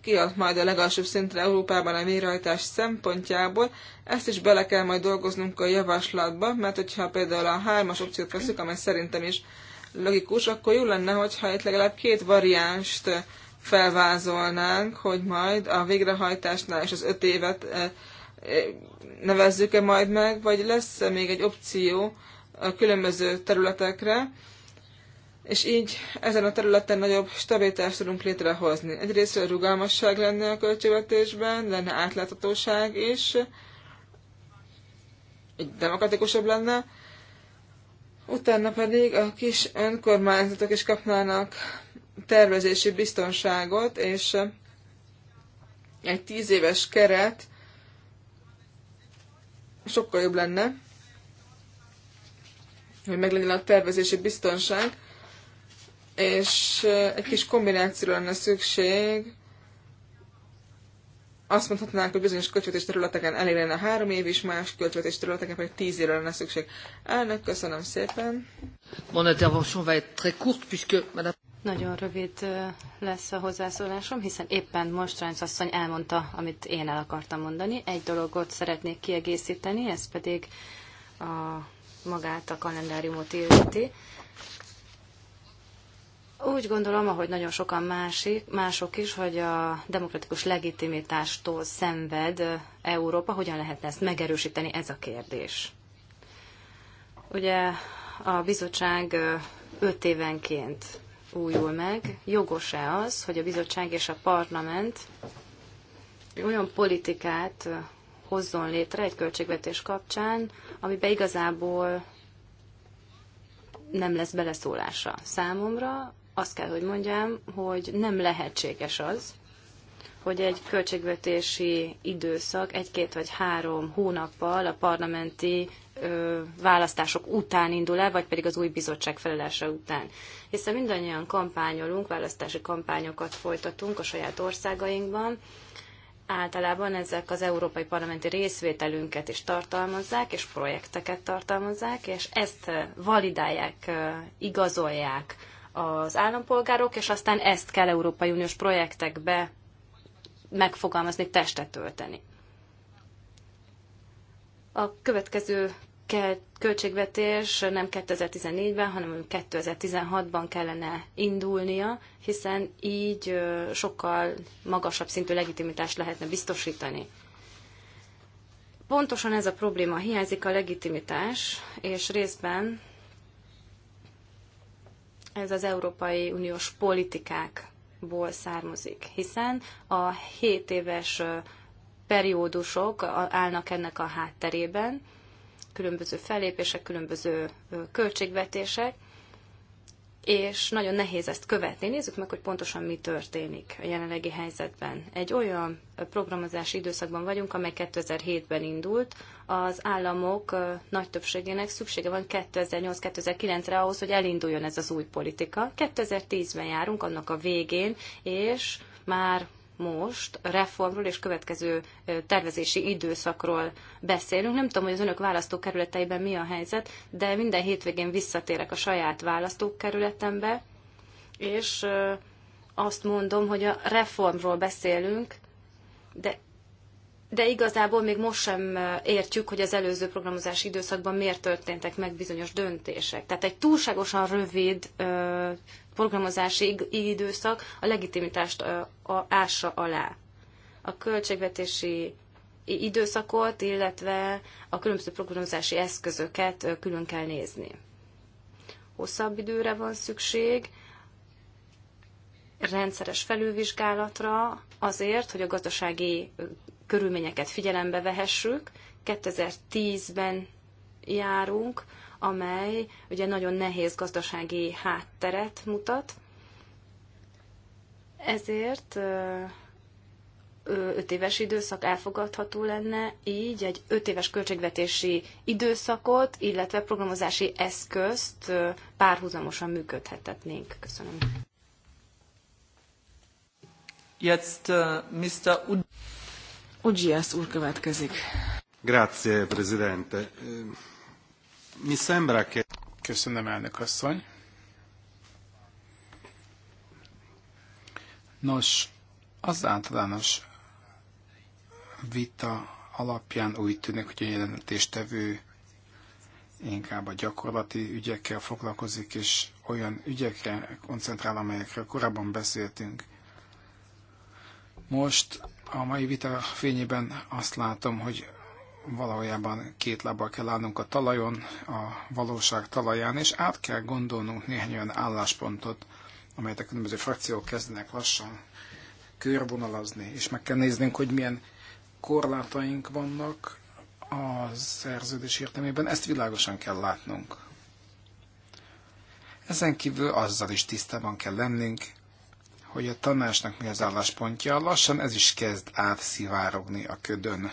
kiad majd a legalsóbb szintre Európában a végrehajtás szempontjából. Ezt is bele kell majd dolgoznunk a javaslatba, mert hogyha például a hármas opciót veszük, amely szerintem is logikus, akkor jó lenne, hogyha itt legalább két variánst felvázolnánk, hogy majd a végrehajtásnál és az öt évet nevezzük-e majd meg, vagy lesz -e még egy opció a különböző területekre, és így ezen a területen nagyobb stabilitást tudunk létrehozni. Egyrészt rugalmasság lenne a költségvetésben, lenne átláthatóság is, így demokratikusabb lenne, utána pedig a kis önkormányzatok is kapnának tervezési biztonságot, és egy tíz éves keret sokkal jobb lenne, hogy meglegyen a tervezési biztonság, és egy kis kombinációra lenne szükség. Azt mondhatnánk, hogy bizonyos költségvetés területeken elég lenne három év, és más költségvetés területeken pedig tíz évre lenne szükség. Elnök, köszönöm szépen. Mon intervention va être très courte, puisque madame... Nagyon rövid lesz a hozzászólásom, hiszen éppen most Ránc asszony elmondta, amit én el akartam mondani. Egy dologot szeretnék kiegészíteni, ez pedig a magát a kalendáriumot illeti. Úgy gondolom, ahogy nagyon sokan másik, mások is, hogy a demokratikus legitimitástól szenved Európa, hogyan lehetne ezt megerősíteni, ez a kérdés. Ugye a bizottság öt évenként újul meg. Jogos-e az, hogy a bizottság és a parlament olyan politikát hozzon létre egy költségvetés kapcsán, amibe igazából nem lesz beleszólása. Számomra azt kell, hogy mondjam, hogy nem lehetséges az, hogy egy költségvetési időszak egy-két vagy három hónappal a parlamenti ö, választások után indul el, vagy pedig az új bizottság felelése után. Hiszen mindannyian kampányolunk, választási kampányokat folytatunk a saját országainkban, általában ezek az európai parlamenti részvételünket is tartalmazzák, és projekteket tartalmazzák, és ezt validálják, igazolják az állampolgárok, és aztán ezt kell Európai Uniós projektekbe megfogalmazni, testet tölteni. A következő költségvetés nem 2014-ben, hanem 2016-ban kellene indulnia, hiszen így sokkal magasabb szintű legitimitást lehetne biztosítani. Pontosan ez a probléma, hiányzik a legitimitás, és részben ez az Európai Uniós politikákból származik, hiszen a 7 éves periódusok állnak ennek a hátterében, különböző fellépések, különböző költségvetések, és nagyon nehéz ezt követni. Nézzük meg, hogy pontosan mi történik a jelenlegi helyzetben. Egy olyan programozási időszakban vagyunk, amely 2007-ben indult. Az államok nagy többségének szüksége van 2008-2009-re ahhoz, hogy elinduljon ez az új politika. 2010-ben járunk, annak a végén, és már most reformról és következő tervezési időszakról beszélünk. Nem tudom, hogy az önök választókerületeiben mi a helyzet, de minden hétvégén visszatérek a saját választókerületembe, és azt mondom, hogy a reformról beszélünk, de de igazából még most sem értjük, hogy az előző programozási időszakban miért történtek meg bizonyos döntések. Tehát egy túlságosan rövid programozási időszak a legitimitást ássa alá. A költségvetési időszakot, illetve a különböző programozási eszközöket külön kell nézni. Hosszabb időre van szükség, rendszeres felülvizsgálatra azért, hogy a gazdasági körülményeket figyelembe vehessük. 2010-ben járunk, amely ugye nagyon nehéz gazdasági hátteret mutat. Ezért öt éves időszak elfogadható lenne, így egy öt éves költségvetési időszakot, illetve programozási eszközt párhuzamosan működhetetnénk. Köszönöm. Jetzt, uh, äh, Mr. Ugyias úr következik. Grazie, Presidente. Mi sembra che... Köszönöm, elnök asszony. Nos, az általános vita alapján úgy tűnik, hogy a jelentéstevő inkább a gyakorlati ügyekkel foglalkozik, és olyan ügyekre koncentrál, amelyekről korábban beszéltünk. Most a mai vita fényében azt látom, hogy valójában két lábbal kell állnunk a talajon, a valóság talaján, és át kell gondolnunk néhány olyan álláspontot, amelyet a különböző frakciók kezdenek lassan körvonalazni, és meg kell néznünk, hogy milyen korlátaink vannak a szerződés értelmében, ezt világosan kell látnunk. Ezen kívül azzal is tisztában kell lennünk, hogy a tanásnak mi az álláspontja, lassan ez is kezd átszivárogni a ködön.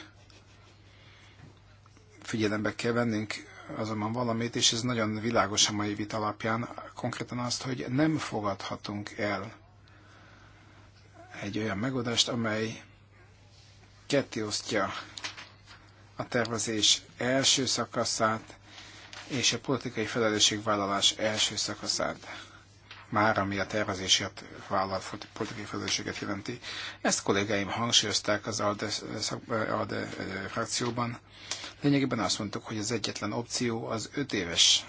Figyelembe kell vennünk azonban valamit, és ez nagyon világos a mai vit alapján, konkrétan azt, hogy nem fogadhatunk el egy olyan megoldást, amely kettéosztja a tervezés első szakaszát és a politikai felelősségvállalás első szakaszát már ami a tervezésért vállalt politikai felelősséget jelenti. Ezt kollégáim hangsúlyozták az ALDE, szak, ALDE frakcióban. Lényegében azt mondtuk, hogy az egyetlen opció az öt éves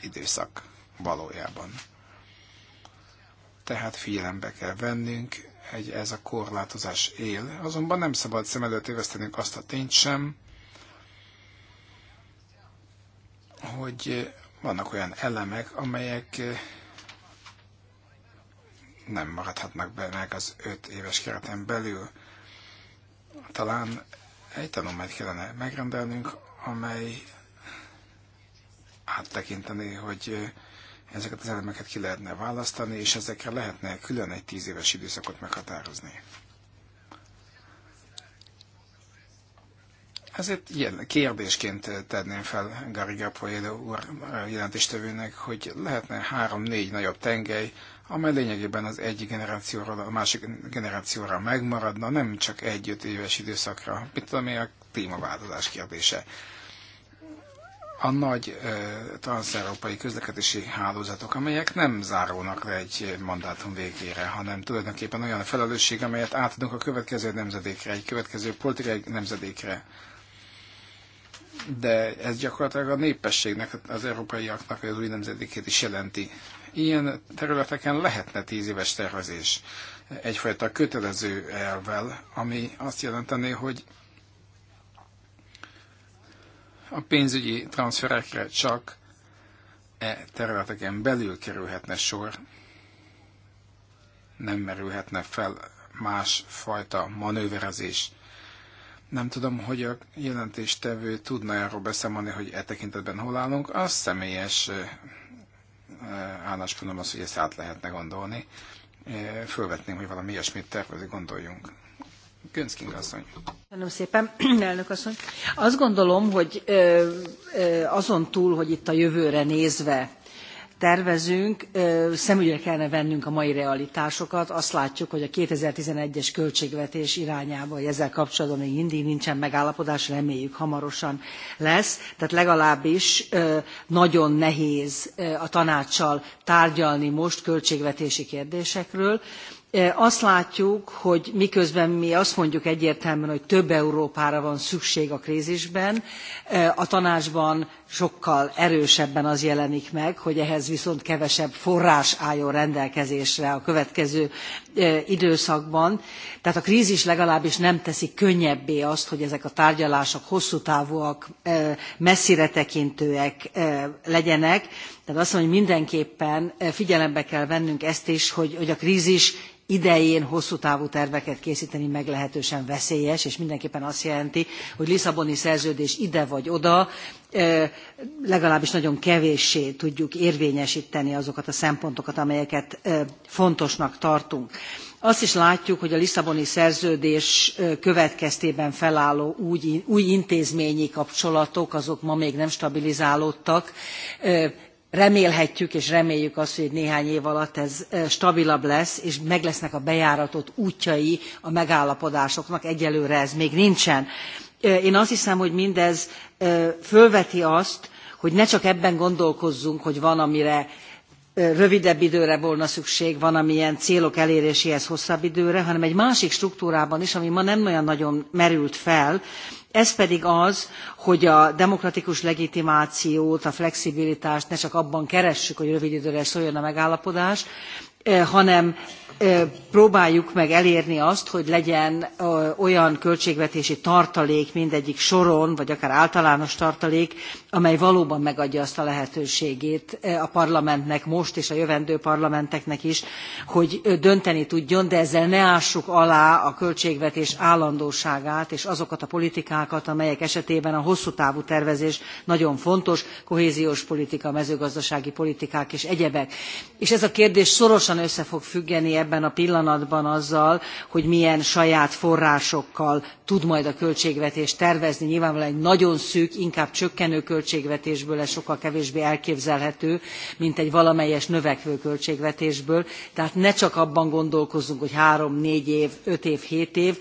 időszak valójában. Tehát figyelembe kell vennünk, egy ez a korlátozás él. Azonban nem szabad szem előtt évesztenünk azt a tényt sem, hogy vannak olyan elemek, amelyek nem maradhatnak meg az öt éves kereten belül. Talán egy tanulmányt kellene megrendelnünk, amely áttekinteni, hogy ezeket az elemeket ki lehetne választani, és ezekre lehetne külön egy tíz éves időszakot meghatározni. Ezért ilyen kérdésként tenném fel Gariga Gapoyle úr jelentéstevőnek, hogy lehetne három-négy nagyobb tengely, amely lényegében az egyik generációról a másik generációra megmaradna, nem csak egy-öt éves időszakra, mint ami a klímaváltozás kérdése. A nagy ö, transzeurópai közlekedési hálózatok, amelyek nem zárulnak le egy mandátum végére, hanem tulajdonképpen olyan felelősség, amelyet átadunk a következő nemzedékre, egy következő politikai nemzedékre, de ez gyakorlatilag a népességnek, az európaiaknak az új nemzedékét is jelenti. Ilyen területeken lehetne tíz éves tervezés egyfajta kötelező elvel, ami azt jelenteni, hogy a pénzügyi transferekre csak e területeken belül kerülhetne sor, nem merülhetne fel más fajta manőverezés. Nem tudom, hogy a jelentéstevő tudna erről beszámolni, hogy e tekintetben hol állunk. A személyes Eh, álláspontom az, hogy ezt át lehetne gondolni. Eh, fölvetném, hogy valami ilyesmit tervezni gondoljunk. Gönszkin asszony. Köszönöm szépen, elnök asszony. Azt gondolom, hogy eh, azon túl, hogy itt a jövőre nézve tervezünk, szemügyre kellene vennünk a mai realitásokat. Azt látjuk, hogy a 2011-es költségvetés irányába, hogy ezzel kapcsolatban még mindig nincsen megállapodás, reméljük hamarosan lesz. Tehát legalábbis nagyon nehéz a tanácssal tárgyalni most költségvetési kérdésekről azt látjuk, hogy miközben mi azt mondjuk egyértelműen, hogy több Európára van szükség a krízisben, a tanácsban sokkal erősebben az jelenik meg, hogy ehhez viszont kevesebb forrás álljon rendelkezésre a következő időszakban, tehát a krízis legalábbis nem teszi könnyebbé azt, hogy ezek a tárgyalások hosszú távúak, messzire tekintőek legyenek. Tehát azt mondom, hogy mindenképpen figyelembe kell vennünk ezt is, hogy, hogy a krízis idején hosszú távú terveket készíteni meglehetősen veszélyes, és mindenképpen azt jelenti, hogy Lisszaboni szerződés ide vagy oda, legalábbis nagyon kevéssé tudjuk érvényesíteni azokat a szempontokat, amelyeket fontosnak tartunk. Azt is látjuk, hogy a Lisszaboni szerződés következtében felálló új, új intézményi kapcsolatok, azok ma még nem stabilizálódtak. Remélhetjük és reméljük azt, hogy néhány év alatt ez stabilabb lesz, és meg lesznek a bejáratott útjai a megállapodásoknak. Egyelőre ez még nincsen én azt hiszem, hogy mindez fölveti azt, hogy ne csak ebben gondolkozzunk, hogy van, amire rövidebb időre volna szükség, van, amilyen célok eléréséhez hosszabb időre, hanem egy másik struktúrában is, ami ma nem olyan nagyon merült fel, ez pedig az, hogy a demokratikus legitimációt, a flexibilitást ne csak abban keressük, hogy rövid időre szóljon a megállapodás, hanem próbáljuk meg elérni azt, hogy legyen olyan költségvetési tartalék mindegyik soron, vagy akár általános tartalék, amely valóban megadja azt a lehetőségét a parlamentnek most és a jövendő parlamenteknek is, hogy dönteni tudjon, de ezzel ne ássuk alá a költségvetés állandóságát és azokat a politikákat, amelyek esetében a hosszú távú tervezés nagyon fontos, kohéziós politika, mezőgazdasági politikák és egyebek. És ez a kérdés szorosan össze fog függeni ebben a pillanatban azzal, hogy milyen saját forrásokkal tud majd a költségvetés tervezni. Nyilvánvalóan egy nagyon szűk, inkább csökkenő költségvetésből ez sokkal kevésbé elképzelhető, mint egy valamelyes növekvő költségvetésből. Tehát ne csak abban gondolkozzunk, hogy három, négy év, öt év, hét év,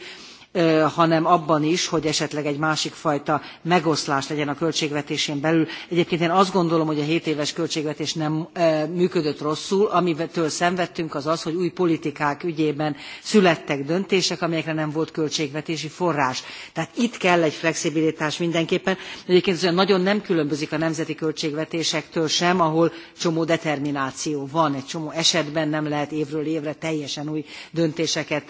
hanem abban is, hogy esetleg egy másik fajta megoszlás legyen a költségvetésén belül. Egyébként én azt gondolom, hogy a 7 éves költségvetés nem működött rosszul, amitől szenvedtünk az az, hogy új politikák ügyében születtek döntések, amelyekre nem volt költségvetési forrás. Tehát itt kell egy flexibilitás mindenképpen. Egyébként ez olyan nagyon nem különbözik a nemzeti költségvetésektől sem, ahol csomó determináció van, egy csomó esetben nem lehet évről évre teljesen új döntéseket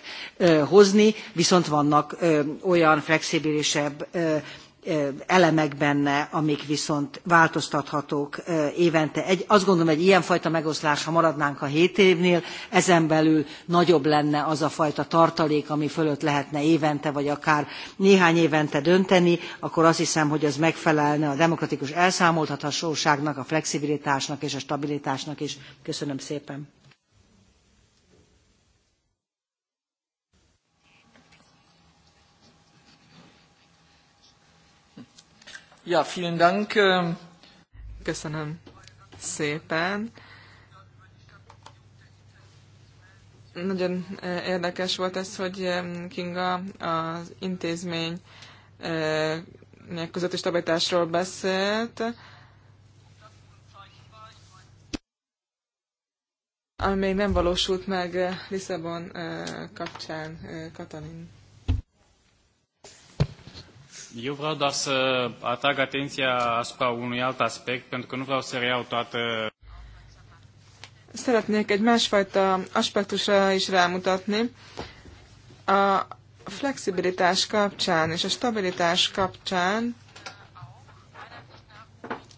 hozni, viszont vannak vannak olyan flexibilisebb elemek benne, amik viszont változtathatók évente. Egy, azt gondolom, egy ilyenfajta megoszlás, ha maradnánk a 7 évnél, ezen belül nagyobb lenne az a fajta tartalék, ami fölött lehetne évente, vagy akár néhány évente dönteni, akkor azt hiszem, hogy az megfelelne a demokratikus elszámoltathatóságnak, a flexibilitásnak és a stabilitásnak is. Köszönöm szépen. Ja, vielen Dank. Ähm, Köszönöm szépen. Nagyon érdekes volt ez, hogy Kinga az intézmény közötti stabilitásról beszélt. ami még nem valósult meg Lisszabon kapcsán, Katalin. Eu vreau doar să atrag atenția asupra unui alt aspect, pentru că nu vreau să reiau toată... Szeretnék egy másfajta aspektusra is rámutatni. A flexibilitás kapcsán és a stabilitás kapcsán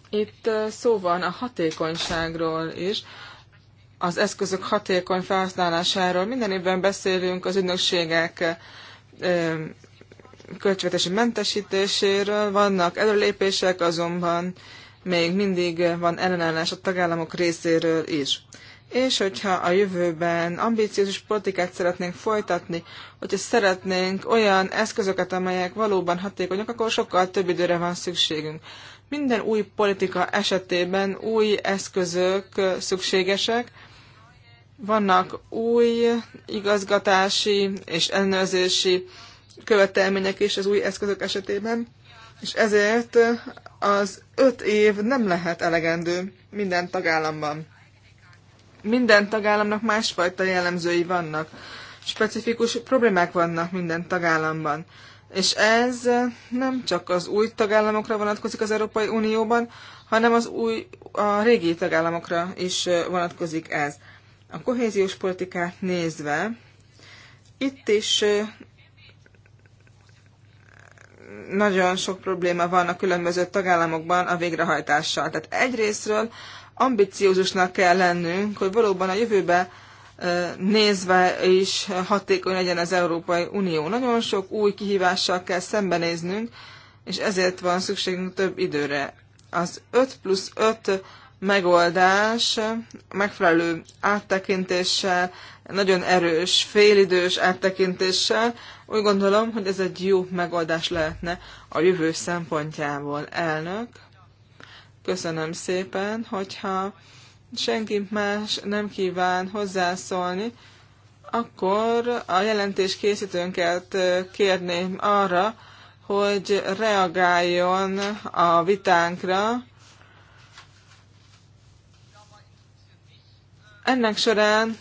itt szó van a hatékonyságról is, az eszközök hatékony felhasználásáról. Minden évben beszélünk az ügynökségek költségvetési mentesítéséről. Vannak előlépések, azonban még mindig van ellenállás a tagállamok részéről is. És hogyha a jövőben ambíciós politikát szeretnénk folytatni, hogyha szeretnénk olyan eszközöket, amelyek valóban hatékonyak, akkor sokkal több időre van szükségünk. Minden új politika esetében új eszközök szükségesek, vannak új igazgatási és ellenőrzési követelmények is az új eszközök esetében, és ezért az öt év nem lehet elegendő minden tagállamban. Minden tagállamnak másfajta jellemzői vannak, specifikus problémák vannak minden tagállamban. És ez nem csak az új tagállamokra vonatkozik az Európai Unióban, hanem az új, a régi tagállamokra is vonatkozik ez. A kohéziós politikát nézve, itt is nagyon sok probléma van a különböző tagállamokban a végrehajtással. Tehát egyrésztről ambiciózusnak kell lennünk, hogy valóban a jövőbe nézve is hatékony legyen az Európai Unió. Nagyon sok új kihívással kell szembenéznünk, és ezért van szükségünk több időre. Az 5 plusz 5 megoldás megfelelő áttekintéssel, nagyon erős félidős áttekintéssel úgy gondolom, hogy ez egy jó megoldás lehetne a jövő szempontjából. Elnök, köszönöm szépen, hogyha senki más nem kíván hozzászólni, akkor a jelentés készítőnket kérném arra, hogy reagáljon a vitánkra. Ennek során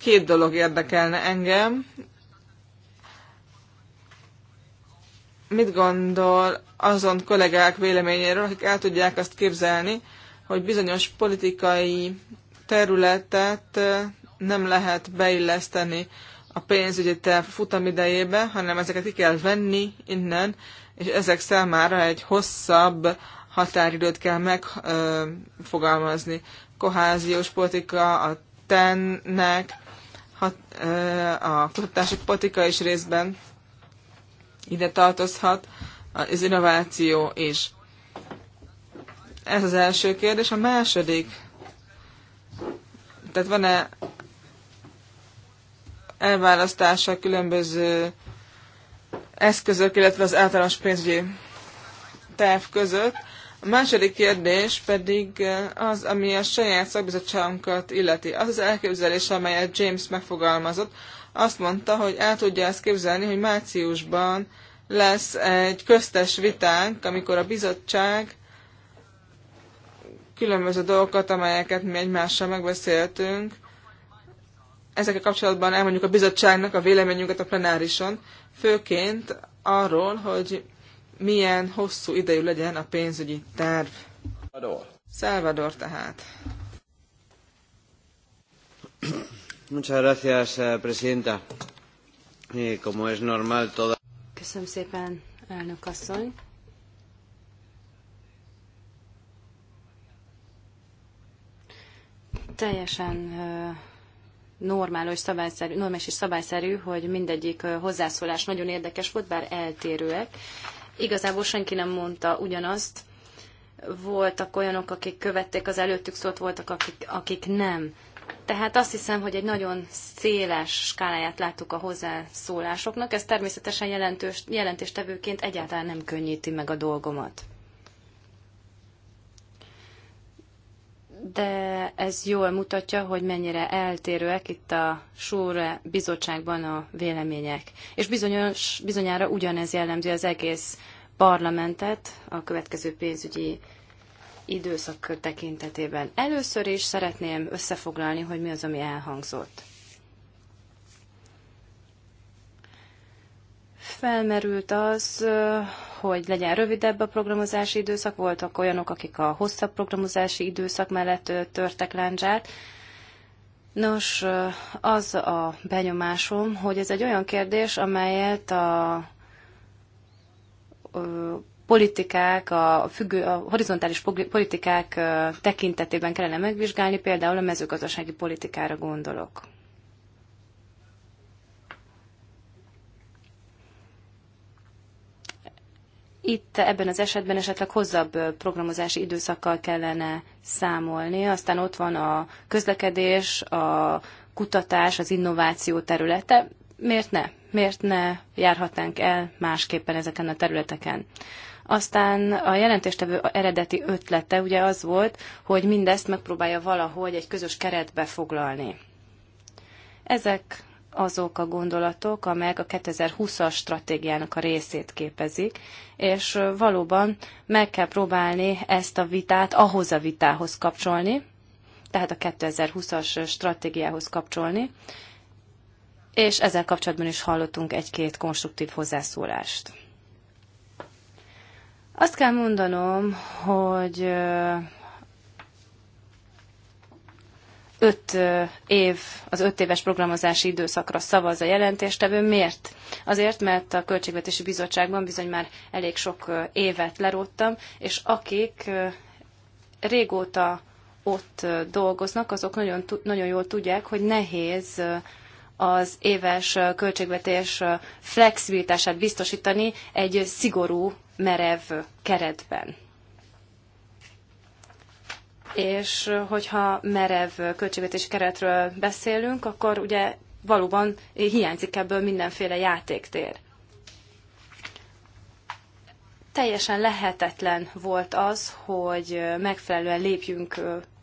két dolog érdekelne engem. mit gondol azon kollégák véleményéről, akik el tudják azt képzelni, hogy bizonyos politikai területet nem lehet beilleszteni a pénzügyi terv idejébe, hanem ezeket ki kell venni innen, és ezek számára egy hosszabb határidőt kell megfogalmazni. Koháziós politika, a tennek, a kutatási politika is részben ide tartozhat az innováció is. Ez az első kérdés. A második, tehát van-e elválasztása különböző eszközök, illetve az általános pénzügyi terv között? A második kérdés pedig eh, az, ami a saját szakbizottságunkat illeti. Az az elképzelés, amelyet James megfogalmazott, azt mondta, hogy el tudja ezt képzelni, hogy márciusban lesz egy köztes vitánk, amikor a bizottság különböző dolgokat, amelyeket mi egymással megbeszéltünk, ezekkel kapcsolatban elmondjuk a bizottságnak a véleményünket a plenárison, főként arról, hogy milyen hosszú idejű legyen a pénzügyi terv. Salvador. Salvador tehát. Muchas gracias, eh, presidenta. Eh, como es normal, toda... Köszönöm szépen, elnök asszony. Teljesen eh, normál és szabályszerű, normális és szabályszerű, hogy mindegyik hozzászólás nagyon érdekes volt, bár eltérőek. Igazából senki nem mondta ugyanazt. Voltak olyanok, akik követték az előttük szót, voltak, akik, akik nem. Tehát azt hiszem, hogy egy nagyon széles skáláját láttuk a hozzászólásoknak. Ez természetesen jelentős, jelentéstevőként egyáltalán nem könnyíti meg a dolgomat. de ez jól mutatja, hogy mennyire eltérőek itt a Súre bizottságban a vélemények. És bizonyos, bizonyára ugyanez jellemzi az egész parlamentet a következő pénzügyi időszak tekintetében. Először is szeretném összefoglalni, hogy mi az, ami elhangzott. Felmerült az, hogy legyen rövidebb a programozási időszak, voltak olyanok, akik a hosszabb programozási időszak mellett törtek láncsát. Nos, az a benyomásom, hogy ez egy olyan kérdés, amelyet a politikák, a, függő, a horizontális politikák tekintetében kellene megvizsgálni, például a mezőgazdasági politikára gondolok. Itt ebben az esetben esetleg hozzabb programozási időszakkal kellene számolni. Aztán ott van a közlekedés, a kutatás, az innováció területe. Miért ne? Miért ne járhatnánk el másképpen ezeken a területeken? Aztán a jelentéstevő eredeti ötlete ugye az volt, hogy mindezt megpróbálja valahogy egy közös keretbe foglalni. Ezek azok a gondolatok, amelyek a 2020-as stratégiának a részét képezik, és valóban meg kell próbálni ezt a vitát ahhoz a vitához kapcsolni, tehát a 2020-as stratégiához kapcsolni, és ezzel kapcsolatban is hallottunk egy-két konstruktív hozzászólást. Azt kell mondanom, hogy öt év, az öt éves programozási időszakra szavaz a jelentéstevő. Miért? Azért, mert a Költségvetési Bizottságban bizony már elég sok évet leróttam, és akik régóta ott dolgoznak, azok nagyon, nagyon jól tudják, hogy nehéz az éves költségvetés flexibilitását biztosítani egy szigorú, merev keretben és hogyha merev költségvetési keretről beszélünk, akkor ugye valóban hiányzik ebből mindenféle játéktér. Teljesen lehetetlen volt az, hogy megfelelően lépjünk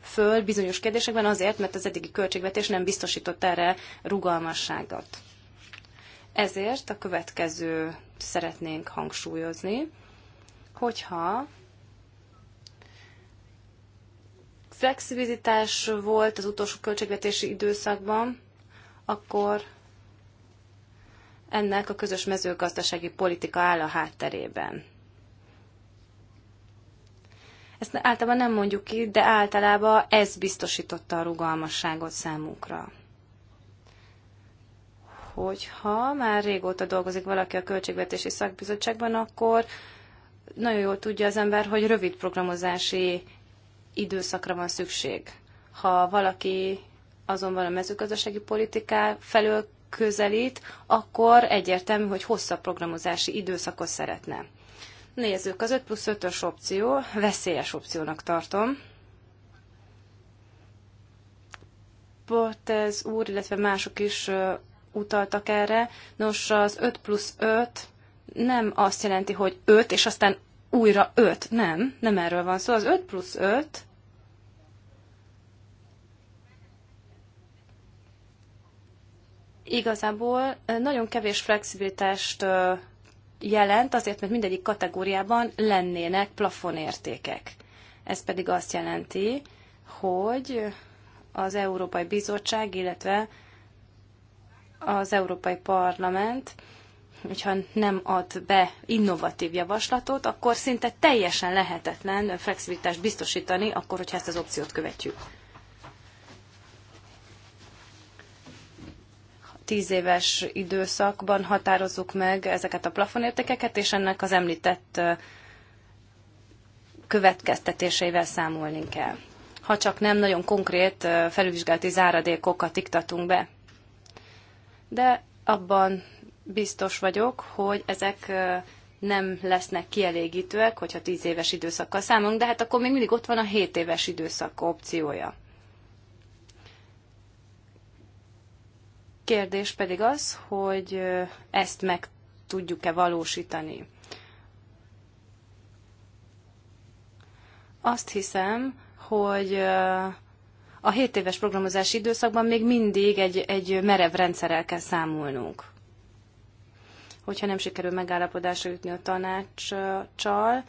föl bizonyos kérdésekben azért, mert az eddigi költségvetés nem biztosított erre rugalmasságot. Ezért a következő szeretnénk hangsúlyozni, hogyha flexibilitás volt az utolsó költségvetési időszakban, akkor ennek a közös mezőgazdasági politika áll a hátterében. Ezt általában nem mondjuk ki, de általában ez biztosította a rugalmasságot számukra. Hogyha már régóta dolgozik valaki a Költségvetési Szakbizottságban, akkor nagyon jól tudja az ember, hogy rövid programozási időszakra van szükség. Ha valaki azonban a mezőgazdasági politiká felől közelít, akkor egyértelmű, hogy hosszabb programozási időszakot szeretne. Nézzük, az 5 plusz 5-ös opció veszélyes opciónak tartom. Bortez úr, illetve mások is utaltak erre. Nos, az 5 plusz 5 nem azt jelenti, hogy 5, és aztán újra 5. Nem, nem erről van szó. az 5 plusz 5 igazából nagyon kevés flexibilitást jelent, azért, mert mindegyik kategóriában lennének plafonértékek. Ez pedig azt jelenti, hogy az Európai Bizottság, illetve az Európai Parlament hogyha nem ad be innovatív javaslatot, akkor szinte teljesen lehetetlen flexibilitást biztosítani, akkor, hogyha ezt az opciót követjük. tíz éves időszakban határozzuk meg ezeket a plafonértékeket, és ennek az említett következtetéseivel számolni kell. Ha csak nem nagyon konkrét felülvizsgálati záradékokat iktatunk be. De abban biztos vagyok, hogy ezek nem lesznek kielégítőek, hogyha 10 éves időszakkal számolunk, de hát akkor még mindig ott van a 7 éves időszak opciója. Kérdés pedig az, hogy ezt meg tudjuk-e valósítani. Azt hiszem, hogy a 7 éves programozási időszakban még mindig egy, egy merev rendszerrel kell számolnunk hogyha nem sikerül megállapodásra jutni a tanácssal,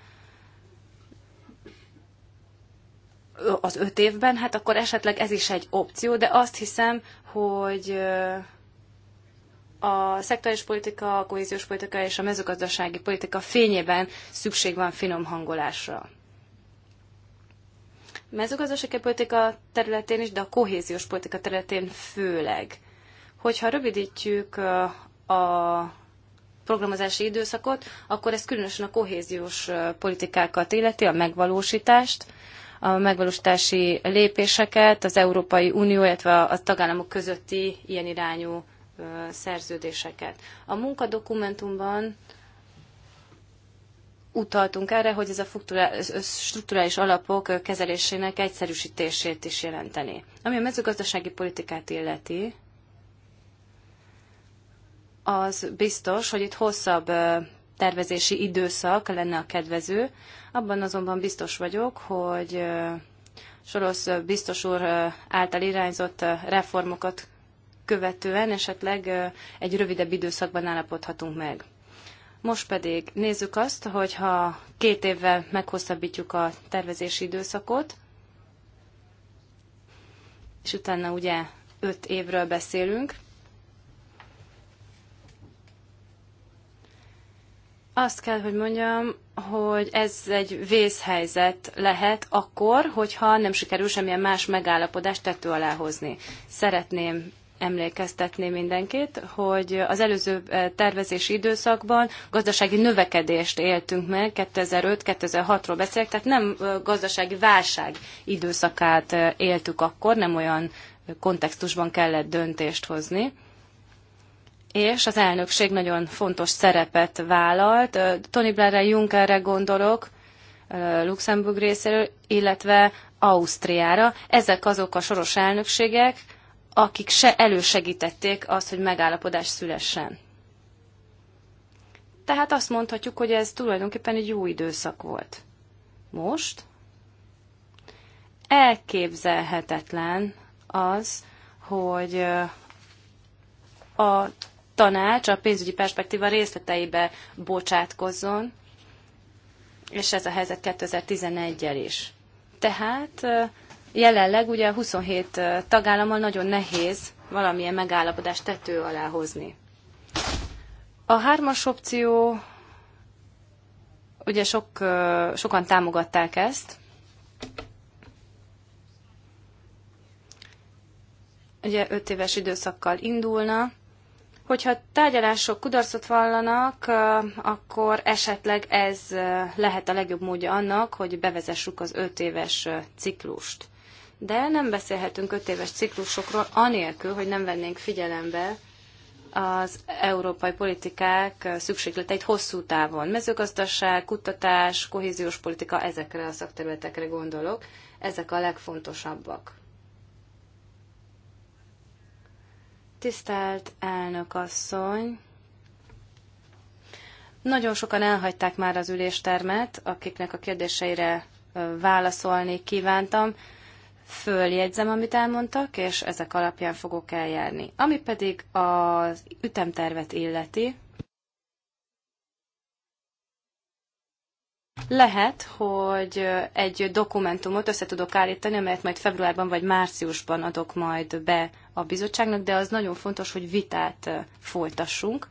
az öt évben, hát akkor esetleg ez is egy opció, de azt hiszem, hogy a szektoris politika, a kohéziós politika és a mezőgazdasági politika fényében szükség van finom hangolásra. A mezőgazdasági politika területén is, de a kohéziós politika területén főleg. Hogyha rövidítjük a programozási időszakot, akkor ez különösen a kohéziós politikákat illeti, a megvalósítást, a megvalósítási lépéseket, az Európai Unió, illetve a tagállamok közötti ilyen irányú szerződéseket. A munkadokumentumban utaltunk erre, hogy ez a strukturális alapok kezelésének egyszerűsítését is jelenteni. Ami a mezőgazdasági politikát illeti, az biztos, hogy itt hosszabb tervezési időszak lenne a kedvező. Abban azonban biztos vagyok, hogy Sorosz biztos úr által irányzott reformokat követően esetleg egy rövidebb időszakban állapodhatunk meg. Most pedig nézzük azt, hogy ha két évvel meghosszabbítjuk a tervezési időszakot, és utána ugye öt évről beszélünk, Azt kell, hogy mondjam, hogy ez egy vészhelyzet lehet akkor, hogyha nem sikerül semmilyen más megállapodást tető alá hozni. Szeretném emlékeztetni mindenkit, hogy az előző eh, tervezési időszakban gazdasági növekedést éltünk meg, 2005-2006-ról beszélek, tehát nem eh, gazdasági válság időszakát eh, éltük akkor, nem olyan kontextusban kellett döntést hozni és az elnökség nagyon fontos szerepet vállalt. Tony Blair-re, Junckerre gondolok, Luxemburg részéről, illetve Ausztriára. Ezek azok a soros elnökségek, akik se elősegítették azt, hogy megállapodás szülessen. Tehát azt mondhatjuk, hogy ez tulajdonképpen egy jó időszak volt. Most elképzelhetetlen az, hogy a tanács a pénzügyi perspektíva részleteibe bocsátkozzon, és ez a helyzet 2011-el is. Tehát jelenleg ugye a 27 tagállammal nagyon nehéz valamilyen megállapodást tető alá hozni. A hármas opció, ugye sok, sokan támogatták ezt, ugye öt éves időszakkal indulna, Hogyha tárgyalások kudarcot vallanak, akkor esetleg ez lehet a legjobb módja annak, hogy bevezessük az öt éves ciklust. De nem beszélhetünk öt éves ciklusokról anélkül, hogy nem vennénk figyelembe az európai politikák szükségleteit hosszú távon. Mezőgazdaság, kutatás, kohéziós politika, ezekre a szakterületekre gondolok. Ezek a legfontosabbak. Tisztelt elnök asszony! Nagyon sokan elhagyták már az üléstermet, akiknek a kérdéseire válaszolni kívántam. Följegyzem, amit elmondtak, és ezek alapján fogok eljárni. Ami pedig az ütemtervet illeti, Lehet, hogy egy dokumentumot össze tudok állítani, amelyet majd februárban vagy márciusban adok majd be a bizottságnak, de az nagyon fontos, hogy vitát folytassunk.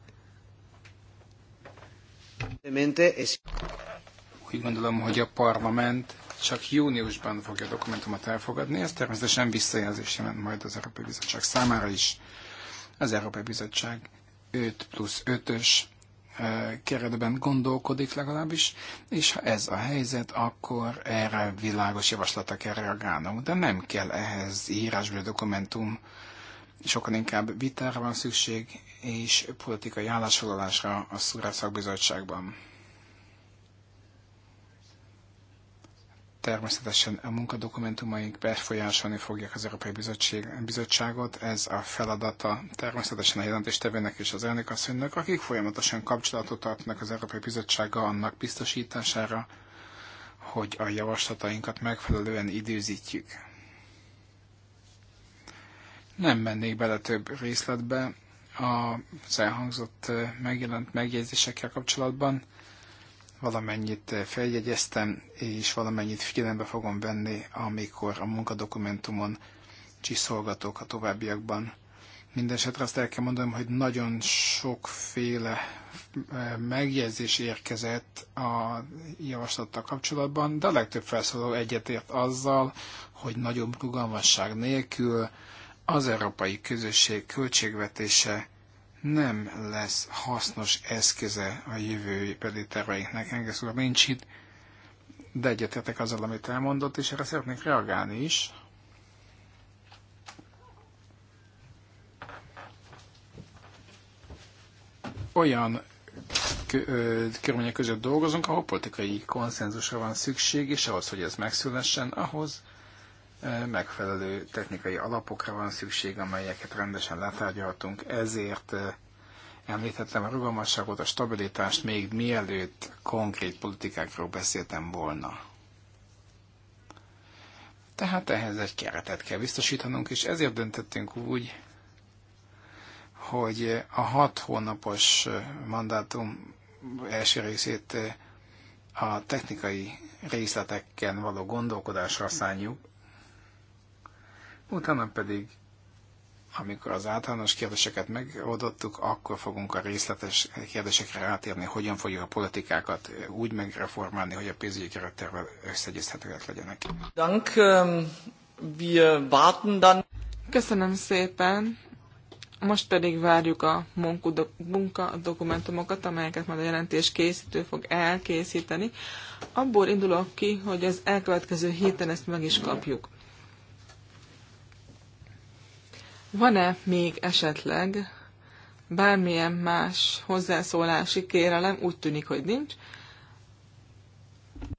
Úgy gondolom, hogy a parlament csak júniusban fogja a dokumentumot elfogadni, ez természetesen visszajelzés jelent majd az Európai Bizottság számára is. Az Európai Bizottság 5 plusz 5-ös keretben gondolkodik legalábbis, és ha ez a helyzet, akkor erre világos javaslata kell reagálnunk. De nem kell ehhez írásbeli dokumentum, sokkal inkább vitára van szükség, és politikai állásfoglalásra a Szúrászakbizottságban. Természetesen a munkadokumentumaink befolyásolni fogják az Európai Bizottság, Bizottságot, ez a feladata természetesen a jelentéstevőnek és az elnökasszonynak, akik folyamatosan kapcsolatot tartnak az Európai Bizottsággal annak biztosítására, hogy a javaslatainkat megfelelően időzítjük. Nem mennék bele több részletbe az elhangzott megjelent megjegyzésekkel kapcsolatban valamennyit eh, feljegyeztem, és valamennyit figyelembe fogom venni, amikor a munkadokumentumon csiszolgatok a továbbiakban. Mindenesetre azt el kell mondanom, hogy nagyon sokféle eh, megjegyzés érkezett a javaslattal kapcsolatban, de a legtöbb felszóló egyetért azzal, hogy nagyobb rugalmasság nélkül az európai közösség költségvetése nem lesz hasznos eszköze a pedig terveinknek. Engem úr nincs itt, de egyetetek azzal, amit elmondott, és erre szeretnék reagálni is. Olyan körülmények között dolgozunk, ahol politikai konszenzusra van szükség, és ahhoz, hogy ez megszülessen, ahhoz megfelelő technikai alapokra van szükség, amelyeket rendesen letárgyaltunk, ezért említettem a rugalmasságot, a stabilitást még mielőtt konkrét politikákról beszéltem volna. Tehát ehhez egy keretet kell biztosítanunk, és ezért döntöttünk úgy, hogy a hat hónapos mandátum első részét a technikai részletekkel való gondolkodásra szálljuk, Utána pedig, amikor az általános kérdéseket megoldottuk, akkor fogunk a részletes kérdésekre rátérni, hogyan fogjuk a politikákat eh, úgy megreformálni, hogy a pénzügyi kerettervel összegyezhetőek legyenek. Dank, ehm, wir warten dann. Köszönöm szépen. Most pedig várjuk a munka dokumentumokat, amelyeket majd a jelentés készítő fog elkészíteni. Abból indulok ki, hogy az elkövetkező héten ezt meg is kapjuk. Van-e még esetleg bármilyen más hozzászólási kérelem? Úgy tűnik, hogy nincs.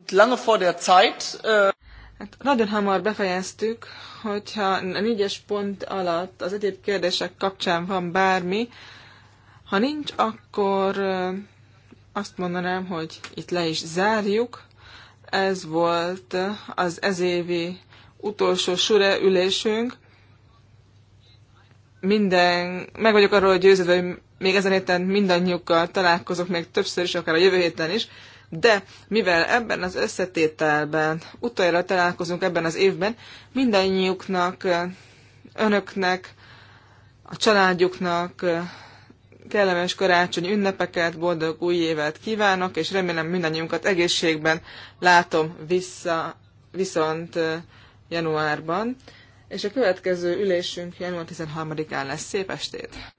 Lange vor der Zeit. Äh, hát nagyon hamar befejeztük, hogyha a négyes pont alatt az egyéb kérdések kapcsán van bármi, ha nincs, akkor azt mondanám, hogy itt le is zárjuk. Ez volt az ezévi utolsó sure ülésünk minden, meg vagyok arról győződve, hogy még ezen héten mindannyiukkal találkozok, még többször is, akár a jövő héten is, de mivel ebben az összetételben utoljára találkozunk ebben az évben, mindannyiuknak, önöknek, a családjuknak kellemes karácsony ünnepeket, boldog új évet kívánok, és remélem mindannyiunkat egészségben látom vissza, viszont januárban és a következő ülésünk január 13-án lesz. Szép estét!